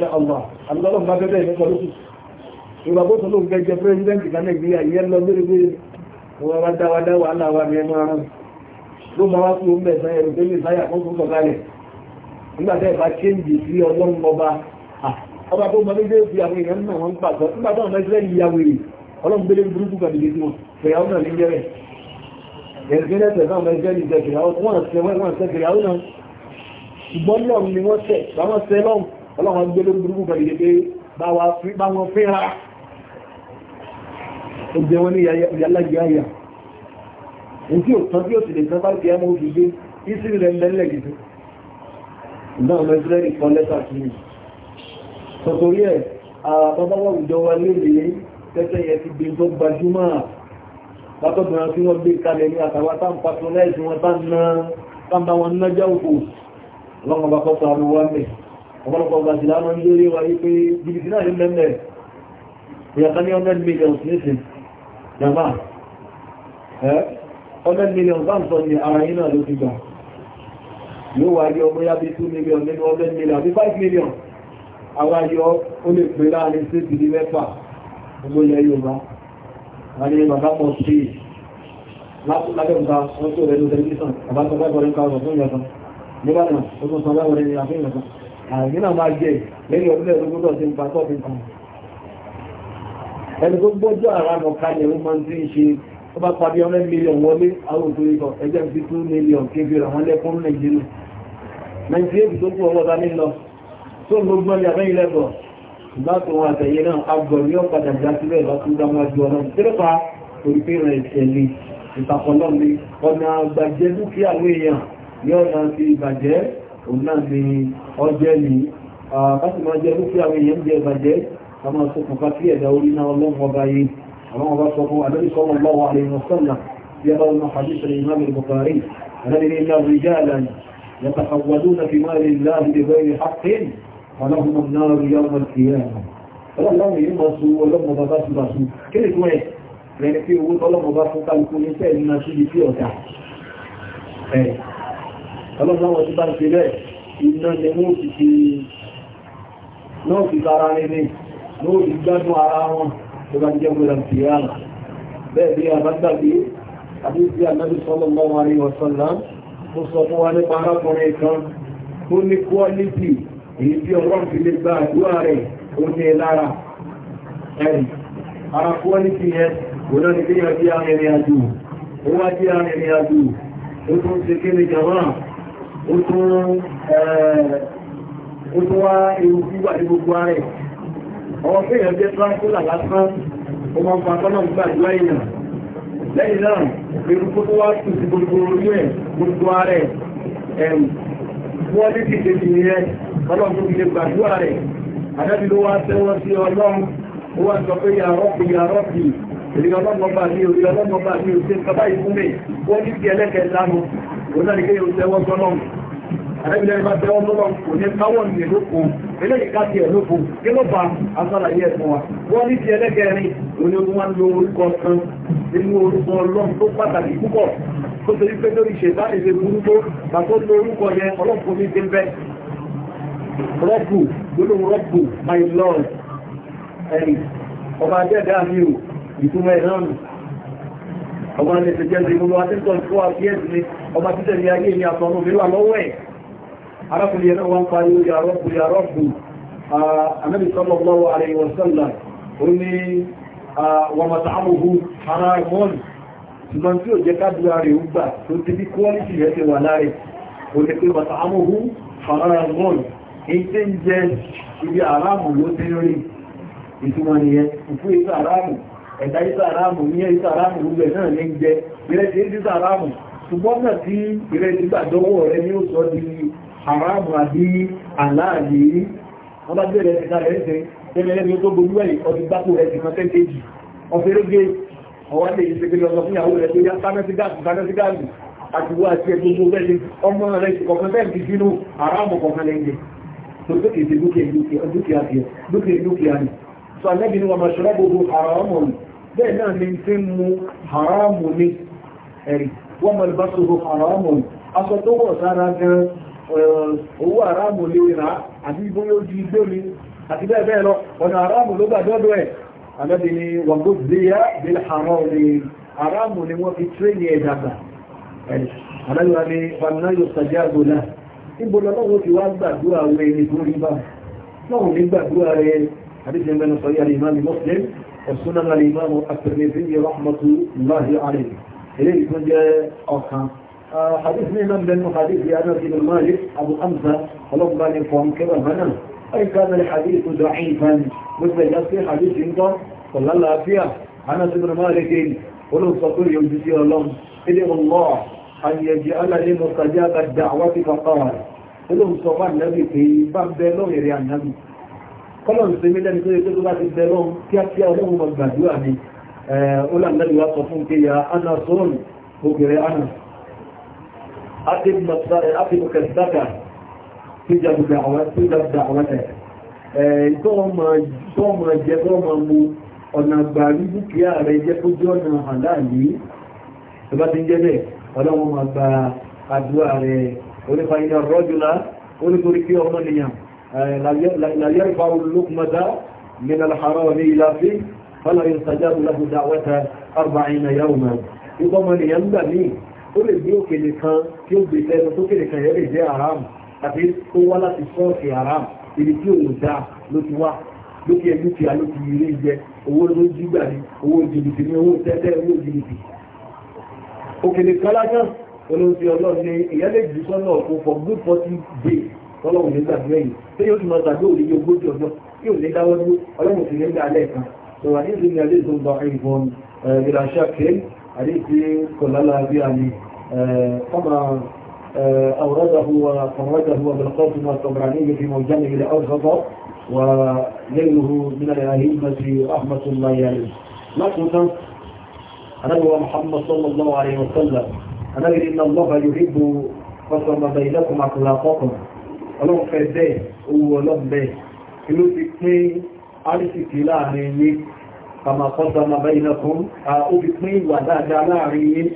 ya ń dán àbúgbọ́lọ́ bá bẹ́bẹ̀ ìfẹ́ pọ̀lú ìgbàgbó tó lóun gẹ́gẹ́ pírẹ́sidẹ́ntì kan nàìjíríà ìyẹn lọ lórí pé wọ́n wá dáwádá wàhálà wà ní ẹnu ara ló máa wá kúrò mẹ́sà ẹ̀rù tó lè sáyà fún fún sọ̀kalẹ̀ nígbà tẹ́ ìbá chéǹjì sí ọlọ́run ọba ọba tó mọ méjèèjì fi àwọn èèyàn náà wọ́n pàtó nígbà tó mẹ́sà ẹ̀yìn ya wèrè ọlọ́run gbélé burúkú kan nìyẹn tí wọn fẹ̀yà ọ̀nà ní jẹ́rẹ̀ ẹ̀rùgbẹ́lẹ̀ tẹ̀sán mẹ́sà ẹ̀yìn jẹ́ fẹ̀yà ọ̀nà wọ́n sẹ́ ọlọ́wọ́n gbé ló burúkú kan ìdíje bá wọn fẹ́ra ó jẹ wọn ní yàlágbáyà èyí ò tán bí ó sì lè tán bá ti ẹmọ ojú gbé ìsìn rẹ̀ lẹ́lẹ̀ gidi náà ọmọ ìsìlẹ̀ kan lẹ́tà sí mi sọ̀tòrí ẹ̀ àbábáwọ̀ ìjọ wa lélẹ̀ tẹ́tẹ́ yẹ ti tí wọ́n gbé bá wọn nájà òkú ọ̀pọ̀lọpọ̀ ọgbàtí láwọn ní lórí wa wípé jìbìtì náà ní mẹ́mẹ́ ìyàtọ̀ ní 100 million nísìn jàmá 100 million bá ń sọ ní ara yìí náà ló ti gbà yóò wá yọ bóyá bí 2 million nínú 100 million àbí 5 million àwọn ayọ́ ó lè pè láàrin sí ìdí mẹ́fà gbogbo ilẹ̀ Yorùbá láàrin bàbá mọ̀ sí lábẹ́ǹta wọ́n tó rẹ̀ ló tẹlifíṣàn àbátọ́gbẹ́gbọ́rin káwọn fún ìyàtọ̀ nígbàtà ó tún sanwó-ẹ̀wọ̀rin àmì náà máa jẹ lẹ́yìn ọdún ẹ̀dógún náà ń pa tọ́ọ̀tì kan ẹni tó gbọ́jọ́ ara nọ kalẹ̀ ó máa tí ń ṣe ó bá parí mílíọ̀n wọlé àwọn òkúrí kan ẹjẹ́ fi tún mílíọ̀n kébí rẹ̀ wọ́n lẹ́kún nàìjíríà nàìjíríà tó kú ọwọ́ dání lọ tó ń gbogbo ní abẹ́yìn lẹ́bọ̀ ìgbà tó wọn àtẹ̀yẹ náà agbọ̀ ní ọ̀padà já sílẹ̀ bá tún òun náà ni ọjẹ́ ni káti máa jẹ́ dúkìá àwọn èèyàn jẹ́ ìbàjẹ́ ká máa ṣokùnfà sí ẹ̀dá orí náà ọlọ́run ọba yìí àwọn ọba sọ fún adébísọ́ wọn lọ́wọ́ àlẹ́ ìwọ̀sánà bí ẹ bá wọn hadith rẹ̀ ìmáàmì Bukhari àdábìrì ilá rìjáàlá يتحولون في مال الله بغير حق ولهم النار يوم القيامة ọlọ́run yìí máa sun owó ọlọ́mọba bá tún bá sun kí ni fún ẹ̀ lẹ́ni pé owó ọlọ́mọba fún kálukú ní sẹ́ẹ̀ ní máa ṣíbi sí ọ̀dà ọlọ́run àwọn tí bá ń fi rẹ̀ iná ni wọ́n ti fi náà fi bára rẹ̀ ní ló rí gbádùn ara wọn tó bá jẹ́ gbọ́dọ̀ ti rí bẹ́ẹ̀ bí àbágbàgbé àbí sí ànábì sallallahu alaihi wasallam mo sọ fún kan tó ní kúọ́lítì èyí tí ọlọ́run fi lè gba àdúrà rẹ̀ ó ní lára ẹ̀rì ara kúọ́lítì yẹn òun náà ni bí yàrá bí arìnrìn àjò ó wá bí arìnrìn àjò ó tún ṣe kéde jàmáà ó tún eh, wá ewu wíwà ní gbogbo ààrẹ ọwọ́ pé èèyàn jẹ́ tráńkúlà lásán ó máa ń fa tọ́nà gbàdúrà èèyàn lẹ́yìn náà eruku tó wá tún sí gbogbo orí ẹ̀ gbogbo ààrẹ ẹ̀rù wọ́n ní ti ṣe ìyẹn ọlọ́run tó fi lè gbàdúrà rẹ̀ àdábì ló wá tẹ́wọ́ sí ọlọ́run òun náà ní kéyìn oúnjẹ wọ́n sọ́lọ́m àrẹ́bìnrin bá tẹ́wọ́ sọ́lọ́m kò ní táwọn ní lóko eléyìí ká tiẹ̀ lóko kí ló fa asálàyé ẹ̀fọ́ wa wọ́n ní ti ẹlẹ́gẹ̀rin òun ni wọ́n lo orúkọ kan nínú orúkọ ọlọ́m tó pàtàkì púpọ̀ tó torí pé lórí ìṣèlú àìsè burú tó bàtó lo orúkọ yẹn ọlọ́pọ̀ mi ti bẹ́ rọ́bù gbólóhùn rọ́bù my lord ẹ̀rì ọba jẹ́ẹ̀dá mi ò ìtumọ̀ ìrànù ọba ní ṣe jẹ́ ìgbòho atẹ́tọ̀ ìfọ́ àfíẹ́sì ni ọba títẹ̀ ní ayé ní àtọ̀nù mìíràn lọ́wọ́ ẹ̀ arákùnrin ẹ̀nà wọn parí ya Rabbu ya Rabbu anábì sallallahu alayhi wa sallam ó ní wọn mata'amuhu haramun ṣùgbọ́n tí ó jẹ́ kádùrà rẹ̀ ó gbà tó ti ìfú ìfú àrámù ẹ̀dá ìsà aráàmù ní ìsà aráàmù rúgbẹ̀ náà ní jẹ ìrẹsì ìsà aráàmù ṣùgbọ́n náà tí ìrẹsì gbàdọ́wọ́ rẹ ní ó sọ di aráàmù àbí aláàlì wọ́n bá bẹ̀rẹ̀ ẹ̀sìn kalẹ̀ ẹ̀sẹ̀ tẹ́lẹ̀lẹ́bí tó gbogbo ẹ̀ ọdún gbápò rẹ̀ ti kan tẹ́ntẹ́jì ọ̀fẹ́rẹ́gbẹ́ ọwá lè ṣe pé lọ́sọ fún ìyàwó rẹ̀ tó yá tánẹ́sígáàtù tánẹ́sígáàtù àti wá sí ẹgbẹ́ gbogbo ẹ̀ ọmọ rẹ̀ kọ̀kan bẹ́ẹ̀ ti sínú aráàmù kọ̀kan lẹ́yìn tó tó kèsè dúkìá dúkìá dúkìá bẹ́ẹ̀ náà ni tí ń mu haramu ní ẹ̀rì wọ́n mọ̀ bá tó haramu aṣọ tó wọ̀ sára gan owó haramu lè rà àti bóyá ojú igbó mi àti bẹ́ẹ̀ bẹ́ẹ̀ lọ ọ̀nà haramu ló gbàdọ́dọ̀ ẹ̀ àlọ́bí ni wàgbó zéyà bí haramu ni wọ́n fi tírẹ́nì ẹ̀ dàgbà ẹ̀rì àlọ́bí wa ni وسنن الإمام الترمذي رحمة الله عليه إليه كن جاء أخا حديث من من حديث أنس بن مالك أبو حمزة ولم بان يفهم كما هنا أي كان الحديث ضعيفا مثل يصير حديث عند صلى الله فيها أنس بن مالك ولم تقول يجزي الله إلي الله أن يجعل لمستجاب الدعوة فقال ولم تقول النبي في باب بلوغ يعني kọ́lọ̀ ní sèmi lẹ́ni tó yẹ pé tó bá ti bẹ lọ́n kíákíá ọlọ́run mọ̀ gbàdúrà ni ó là lẹ́nu wá sọ fún kéya anna sọ́ọ̀nù obìnrin anna àti mọ̀kẹ́sítákà tí jàdùgbà àwọn tí jàdùgbà àwọn ẹ̀ tó máa jẹ tó máa mu ọ̀nà gbàrí dúkìá rẹ̀ jẹ́ kó لا يرفع اللقمة من الحرام إلى فيه فلا يستجاب له دعوة أربعين يوما يضمن ينبغي ó lè gbé òkèlè kan tí ó gbèsè ẹnu tó kèlè kan yẹn lè jẹ́ haram àti tó wá láti sọ́ọ̀kì haram ibi tí òun dá ló ti wá lókè dúkìá ló ti ilé jẹ owó ló jí gbà ní owó jìbìtì ní owó tẹ́tẹ́ owó jìbìtì òkèlè kan lájọ́ olóńtì ọlọ́run ní ìyá lè jù sọ́nà òkú for good forty days lọ́lọ́run nígbà mẹ́yìn tí yóò túnmọ̀ tàbí òní yóò gbójú ọjọ́ yóò ní dáwọ́ ní ọlọ́run ti nígbà lẹ́ẹ̀kan tó wà ní ìsinmi alẹ́ tó ń bá ìbọn ìràṣà kẹ́ àdé tí kò lálà bí a ní ọmọ أورده وفرده بالقاسم والطبراني في موجمه الأوسط وليله من الأئمة رحمة الله عليه لكن أنه محمد صلى الله عليه وسلم أنا إن الله يحب قسم بينكم أخلاقكم ọlọ́run fẹ́ bẹ́ẹ̀ owó ọlọ́run bẹ́ẹ̀ kí ló ti pín àríṣìkì láàrin yín kàmà kọ́ta ma bá iná fún ó fi pín ìwà dáadáa láàrin yín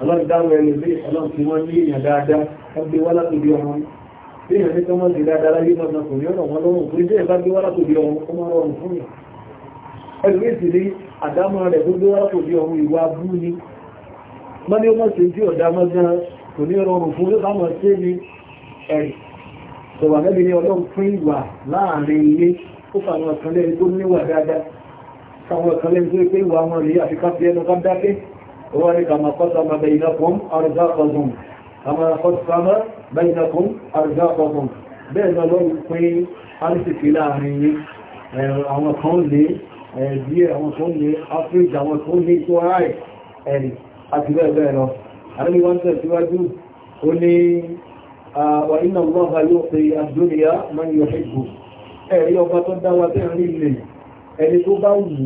ọlọ́run dáwọ̀ ẹlòmí ọlọ́run tí wọ́n ní èèyàn dáadáa wọ́n gbé wá látòdì ọmọ bí èèyàn ní kí wọ́n di dáadáa láyé mọ́ta kò ní ọ̀rọ̀ wọn lọ́rùn tó jẹ́ sọ̀rọ̀ àmẹ́bí ní ọlọ́run fún ìwà láàrin ilé ó fàwọn ọ̀kan lẹ́yìn tó níwà dáadáa fàwọn ọ̀kan lẹ́yìn tó pé ìwà wọn rèé àfikà fi ẹnu kan dáké wọ́n rí kàmà kọ́ta ma bẹ̀yìn náà fún àrùdá ọ̀gbọ̀n kàmà kọ́ta ma bẹ̀yìn náà àrùdá ọ̀gbọ̀n bẹ́ẹ̀ ni ọlọ́run pín àrísìkì láàrin ilé àwọn kan lè díẹ̀ àwọn kan lè áfíríkì àwọn kan lè wà iná lọ́ha yóò fi àdúnyà máa yọ ẹgbò ẹ̀rí ọba tó dá wa bẹ́ẹ̀ rí ilẹ̀ ẹni tó bá wù ú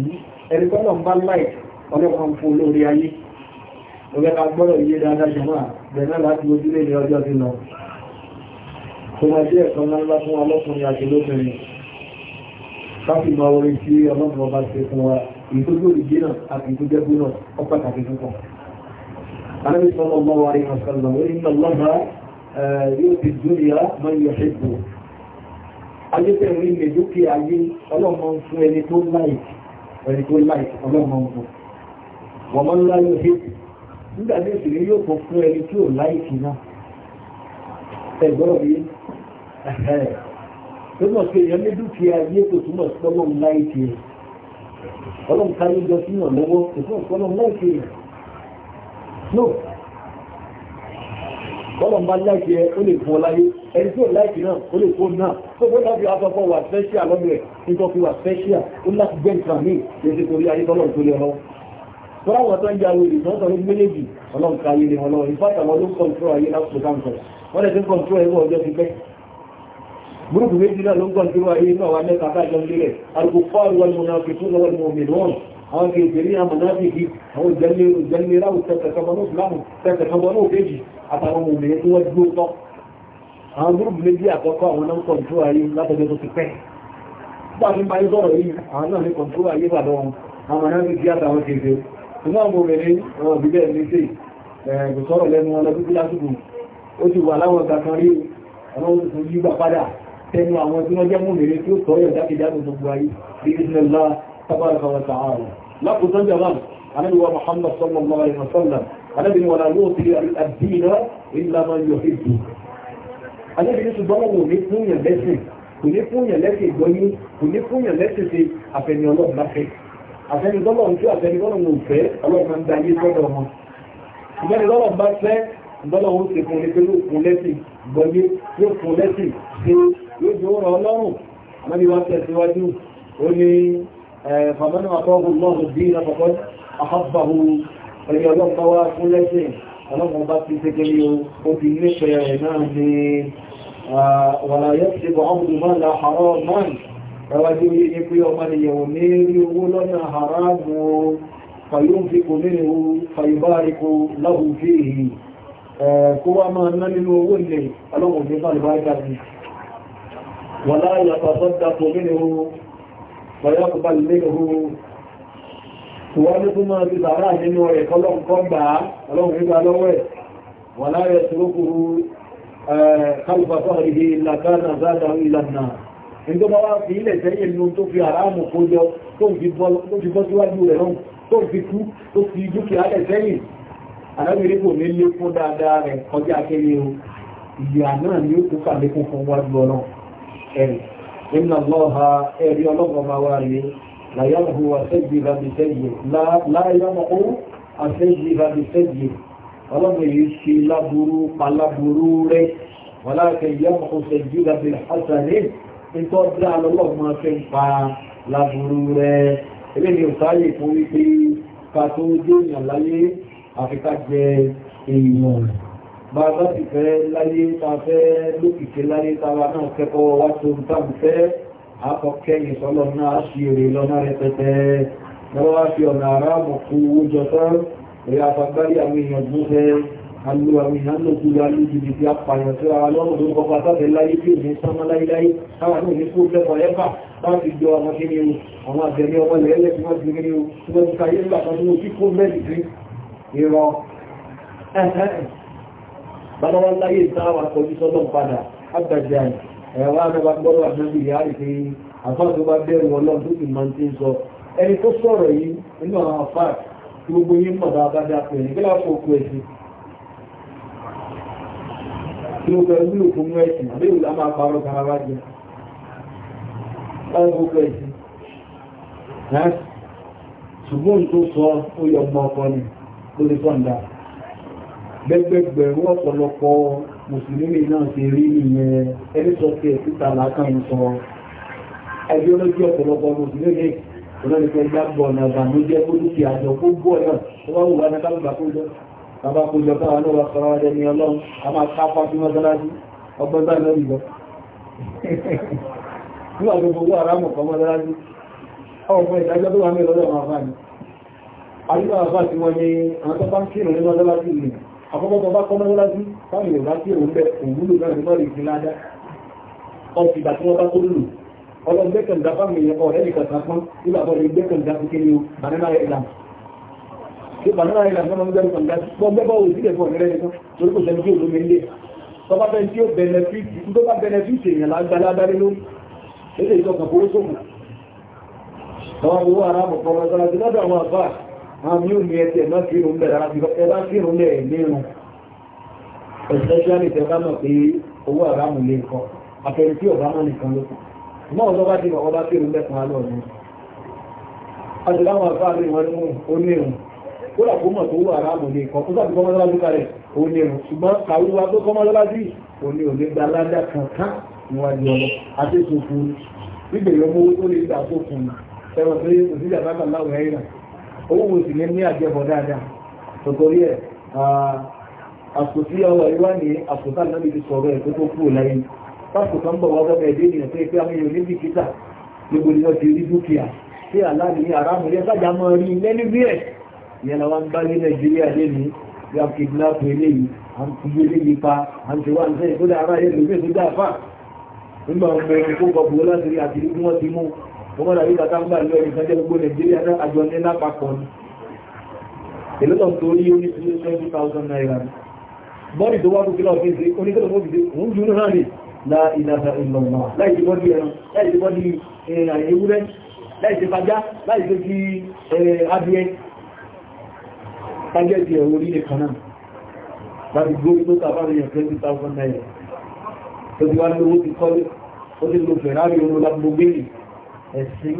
ẹni tó náà bá láì ọlọ́pàá ń fún olórí ayé ọgbẹ́ ká gbọ́dọ̀ yé dáadáa jọmọ́ bẹ̀rẹ̀ náà láti ojúlé ní ọjọ́ sí lọ tó máa jẹ́ ẹ̀kan ńlá fún ọlọ́kùnrin àti máa wọlé sí ọlọ́pàá yóò ti dúnìyà mọ́ yóò ṣe bò ayétẹ̀rí ilẹ̀ lókè ayé ọlọ́mọ ń fún ẹni tó láìkì ẹni tó láìkì ọlọ́mọ ń fún wọ́n mọ́ ńlá yóò ṣe nígbà tí òsì ní yóò kó fún ẹni tí ò láìkì náà ẹgbọ́n rí ẹ̀ẹ́ tó mọ̀ sí èèyàn ní dúkìá ayé kò bọ́lọ̀ ń bá láìkì ẹ ó lè fún ọ láyé ẹni tí ò láìkì náà ó lè fún náà tó bó láti wá sọpọ̀ wà fẹ́ṣíà lọ́dọ̀ ẹ̀ nítorí fi wà fẹ́ṣíà ó láti gbé nǹkan mí lè ṣe torí ayé tọ́lọ̀ torí ọlọ́ tọ́lá wọn tó ń jáwé rè tọ́lọ́ tọ́lọ́ méjèèjì ọlọ́run ká ayé wọn lọ́wọ́ ìfàtà wọn ló ń kọ́ńtró ayé láti kọ́ńtró wọ́n lè ti ń kọ́ńtró ẹ̀ wọ́n ọjọ́ ti àwọn kèfèrí àmànáfíkì àwọn jẹ́lẹ́ráwù tẹ́tẹ̀kọ́bọ̀nú ìsìláàmù tẹ́tẹ̀kọ́bọ̀nú òkèjì àtàwọn òmìnir tí wọ́n gbó tọ́ àwọn gúrùpù méjì àkọ́kọ́ àwọn náà kọ̀ǹtó ayé látọ̀jọ́ tó ti pẹ́ bá fi máa ń sọ̀rọ̀ yìí àwọn náà ní kọ̀ǹtó ayé bàbá wọn àmànáfíkì àtàwọn kèfèrí ṣùgbọ́n àwọn òmìnir àwọn òbílẹ̀ ní sí ẹ̀gbùsọ̀rọ̀ lẹ́nu wọn lọ́dún bí lásìkò ó ti wà láwọn kankan rí ọlọ́run tó yí gbà padà tẹnu àwọn tí wọ́n jẹ́ mú mèrè tí ó sọ yọ̀ تبارك وتعالى لقد تجرم عن هو محمد صلى الله عليه وسلم أنا أبي ولا نوتي الدين إلا من يحبه أنا أبي نسو ضمه نفون يلسي ونفون يلسي قوي ونفون يلسي في أفني الله مرحي أفني الله نسو أفني الله نوفي الله من دعيه صدر من ìgbẹ́ni lọ́rọ̀ bá fẹ́ lọ́lọ́ ó ti fún ní pé ló fún lẹ́sìn gbọ́yé ló fún lẹ́sìn ṣe فمن أطاب الله الدين فقد أحبه فليضم طواف كل شيء فلما بطل تجليه وفي نشيانه ولا يكسب عبد مال حراما فوجه يجب يوما يومين يقولون حرام فينفق منه فيبارك له فيه كما ما نلل وولي ألغم بطل باركة ولا يتصدق منه fọ́yọ́kùbá lẹ́gbẹ̀rú wọ́n ní fún máa ti sàárà nínú rẹ̀ kọ́lọ́nkọ́gbà ọlọ́run nígbà lọ́wọ́ ẹ̀ wọ́n láyẹ̀ tìrókùrú kálùfàfọ́rìdì ìlàkánà záàdà ìlànà ẹgbẹ́ bá wá fi ilẹ̀ tẹ́yìn ló tó fi àráàmù kó jọ tó fi bọ́ síwájú rẹ̀ lọ́n tó fi kú tó fi dúkìá lẹ̀ tẹ́yìn alábìrí kò ní lé fún náà ni ó kú kàlékún fún wájú ọlọ́run إن الله يلغى مواري لا يلغو سجب بسجب لا لا يلغو أسجب بسجب ọlọ́mọ yìí ṣe láburú paláburú rẹ̀ wọ́n láti yọmọ òṣèjúdà bí hasani nítọ́ dá lọ́lọ́mọ fẹ́ ń pa láburú rẹ̀ ilé ni òtáyè bá bá ti fẹ́ láyé ta fẹ́ lókìkẹ́ láyé tàwa náà kẹ́kọ̀ọ́ wá tó ń tàbí fẹ́ akọ̀kẹ́yìn sọ́lọ́ náà ṣe èrè lọ́nà rẹpẹtẹ lọ́wọ́ wá fi ọ̀nà ara mọ̀ fún owó jọ tán ẹ̀yà àfagbárí àwọn èèyàn tó fẹ́ alu àwọn èèyàn ló kú lọ alú jìbì tí a pààyàn sí ara bàbá wọn láyé ìtawà kọjú sọ́lọ́ padà àgbàjá ẹ̀wà àgbà gbọ́dọ̀ àjọ́bí ìyá rí pé àfáà tó bá bẹ̀rù ọlọ́run tó sì máa ń tí ń sọ ẹni tó sọ̀rọ̀ yìí nínú àwọn àfáà tí gbogbo yín mọ̀ bá bá dápẹ̀ ní gbẹgbẹgbẹ̀rún ọ̀pọ̀lọpọ̀ mùsùlùmí náà ti rí ìyẹn ẹni sọ sí ẹ̀síta lákàn ń sọ ideology ọ̀pọ̀lọpọ̀ mùsùlùmí olóòrìkẹ́ gbàgbọ́ ọ̀nà ìbànújẹ́ ó dúkìá àjọ kó gbọ́ náà ó bá wù wá ní kálùbà kó jọ bàbá kó jọ káwọn náà wà sọ̀rọ̀ ọdẹ ní ọlọ́run a máa kápá sí mọ́sálásí ọgbọ́n bá lọ́rì lọ nígbà tó gbogbo ara mọ̀ kọ́ mọ́sálásí ọgbọ́n ìdájọ́ tó wà ni àkọ́kọ́ tó bá kọ́mọ́ lájú fáwọn èèyàn láti òun bẹ òwúlò náà ní mọ́rin ìfin ládá ọ̀sì ìgbà tí wọ́n bá tó lù ọlọ́run gbẹ́kẹ̀ǹdà fáwọn èèyàn ọ̀rẹ́ nìkan kan fún nígbà tó lè gbẹ́kẹ̀ǹdà fún kíni o banana island ṣe banana island náà ń gbẹ́rù kàǹdà wọ́n gbẹ́bọ̀ ò sílẹ̀ fún ọ̀rẹ́ nìkan torí kò sẹ́ni tí olómi ń lé tó bá fẹ́ tí ó bẹnẹfíìtì tó bá bẹnẹfíìtì èèyàn lágbá lágbárí ló èdè ìtọ́kàn fowó sókùn tọ́wọ́ owó aráàmù kọ́ àmì òní ẹ̀tẹ̀ náà kí irun bẹ̀rẹ̀ àti ẹbá kí irun bẹ̀rẹ̀ lérun especially tẹ́lá mọ̀ pé owó àrámù lè kọ́ àfẹ́rí tí ọ̀bá mọ́ nìkan ló mọ́ ọ̀dọ́ bá ti mọ̀ ọba kí irun bẹ̀kan alọ́ ọ̀run àti láwọn àfáà lè wọ́n mú onírun ó rà kó mọ̀ tó owó àrámù lè kọ́ tó sábì kọ́mọ́ lọ́lájú kalẹ̀ onírun ṣùgbọ́n kàwúwa tó kọ́mọ́ lọ́lájú òní òní gba ládá kankan níwájú owó sì ní ní àjẹbọ̀ dáadáa tòtòrí ẹ̀ àsìkò tí ọwọ́ ìwá ní àsìkò tá lọ́bí ti sọ̀rọ̀ ẹ̀ tó tó kúrò láyé tásìkò kan bọ̀ wá gọ́gọ́ ẹ̀dẹ́ ènìyàn tó pé àwọn èèyàn ní bìkítà gbogbo ni wọ́n ti rí dúkìá tí aláàbí ní ara mọ̀lẹ́ sájà mọ́ rí lẹ́nu bí ẹ̀ ìyẹn la wọ́n bá ní nàìjíríà lẹ́nu bí a kidnap eléyìí à ń fi eléyìí pa à ń ti wá nísẹ́yìn tó dáa ara yẹn lóbi tó dáa fà nígbà wọn bẹ̀rẹ̀ kó ọmọdà yìí tàbí àgbà ìlú ẹ̀rí ìfẹ́jẹ́ gbogbo nàìjíríà náà àjọ ní lápapọ̀ ní ìlúlọ̀ tó rí orí sí 20,000 naira bọ́ọ̀dì tó wá kúkílọ̀ fi ṣe oníkẹ́lọ̀ mọ́ fìdí òun jù náà lè la ìlàta ìlọ̀mọ̀ láì ti bọ́dì ẹran láì ti bọ́dì eh, ewúrẹ́ láì ti fajá eh, láì ti fi adìẹ tágẹ́ẹ̀tì ẹ̀rọ orí nìkan náà láti gbórí tó tàbá rẹ̀ 20,000 naira tó ti wá lówó ti kọ́lé ó ti lo fẹ̀rárì oró lágbógbé ẹ̀sìn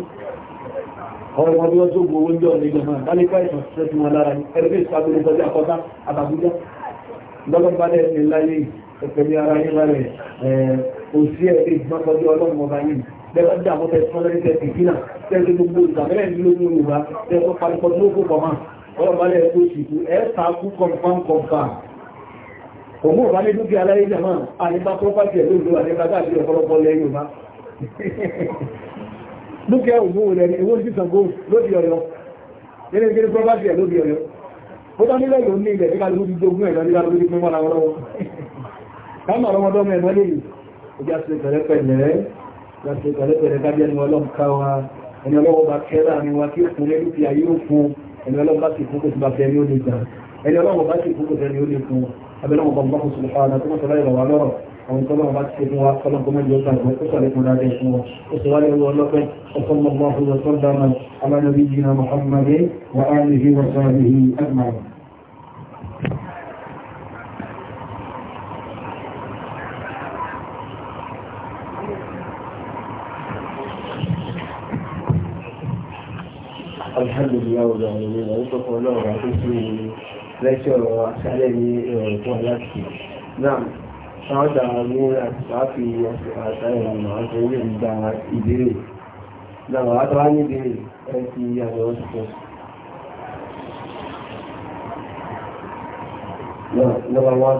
ọ̀rọ̀ wọn ni wọ́n tó gbowó ní ọ̀nà ìjọba kálífà ìsàn ṣiṣẹ́ tí wọ́n lára ní ẹgbẹ́ ìsàgbèrè tọ́jú àkọ́tà àtàbújá lọ́gbọ́n bá dẹ̀ ní láyé ìpẹ̀lẹ̀ ara yín lálẹ̀ òsì ẹ̀rí ìgbọ́nkọjú ọlọ́run ọba yìí lẹ́gbẹ́ tí àwọn tẹ̀sán lórí tẹ̀sí fínà tẹ̀sí gbogbo ìgbàmẹ́rẹ̀ lórí yorùbá tẹ̀sán parípọ̀ tó kó pọ̀ máa ọlọ́balẹ̀ tó ṣìkú ẹ̀ sàkú kọ̀ǹfàm kọ̀ǹfàm òmù ọ̀bá ní dúkìá dúkìá òun rẹ̀ ní ewó sí Ṣàngó lóbi Ọ̀yọ́ nínú ìgbé ní pọ́pátì ẹ̀ lóbi Ọ̀yọ́ ó tán nílẹ̀ yóò ní ilẹ̀ tí kálukú ti jogún ẹ̀ lọ́dí kálukú ti pín wọn àwọn ọlọ́wọ́ káàmà ọlọ́wọ́ dọ́mọ ẹ̀mọ́ lè yìí ó já sí pẹ̀lẹ́pẹ̀lẹ́ já sí pẹ̀lẹ́pẹ̀lẹ́ kábíyà ni ọlọ́m ká wa ẹni ọlọ́wọ́ bá kẹ́ láàrin wa kí òkun lẹ́nu fi ayé òkun ẹni ọlọ́wọ́ bá sì fún kò sí bá fẹ́ ní ó lè gbà ẹni ọlọ́wọ́ bá sì fún kò sẹ́ni ó lè fún abẹ́lẹ́wọ̀n bá ń bá kò sí àwọn tó lọ́wọ́ bá ti fún wa kọ́lọ̀ kọ́mọ̀ ìjọ sáré wọn kó sọ̀rọ̀ fún dáadé fún wọn ó sì wáyé owó ọlọ́pẹ́ ọ̀sán mọ́ ọ̀hún ọ̀sán dáná alájọbí jìnnà muhammadu wa alihi wa sahbihi ajma'in alhamdulillah ọ̀dọ̀ àwọn ènìyàn ń tọ́kọ ọlọ́run àti sí lẹ́ṣọ̀ àṣálẹ̀ ní ìrọ̀rùn fún aláàkì náà ṣáàdà ní àti àṣàyàn àti orí ìgbà ìbéèrè lára àtàwà ní ìbéèrè ẹ̀kì àjọ òṣìṣẹ́ lọ́wọ́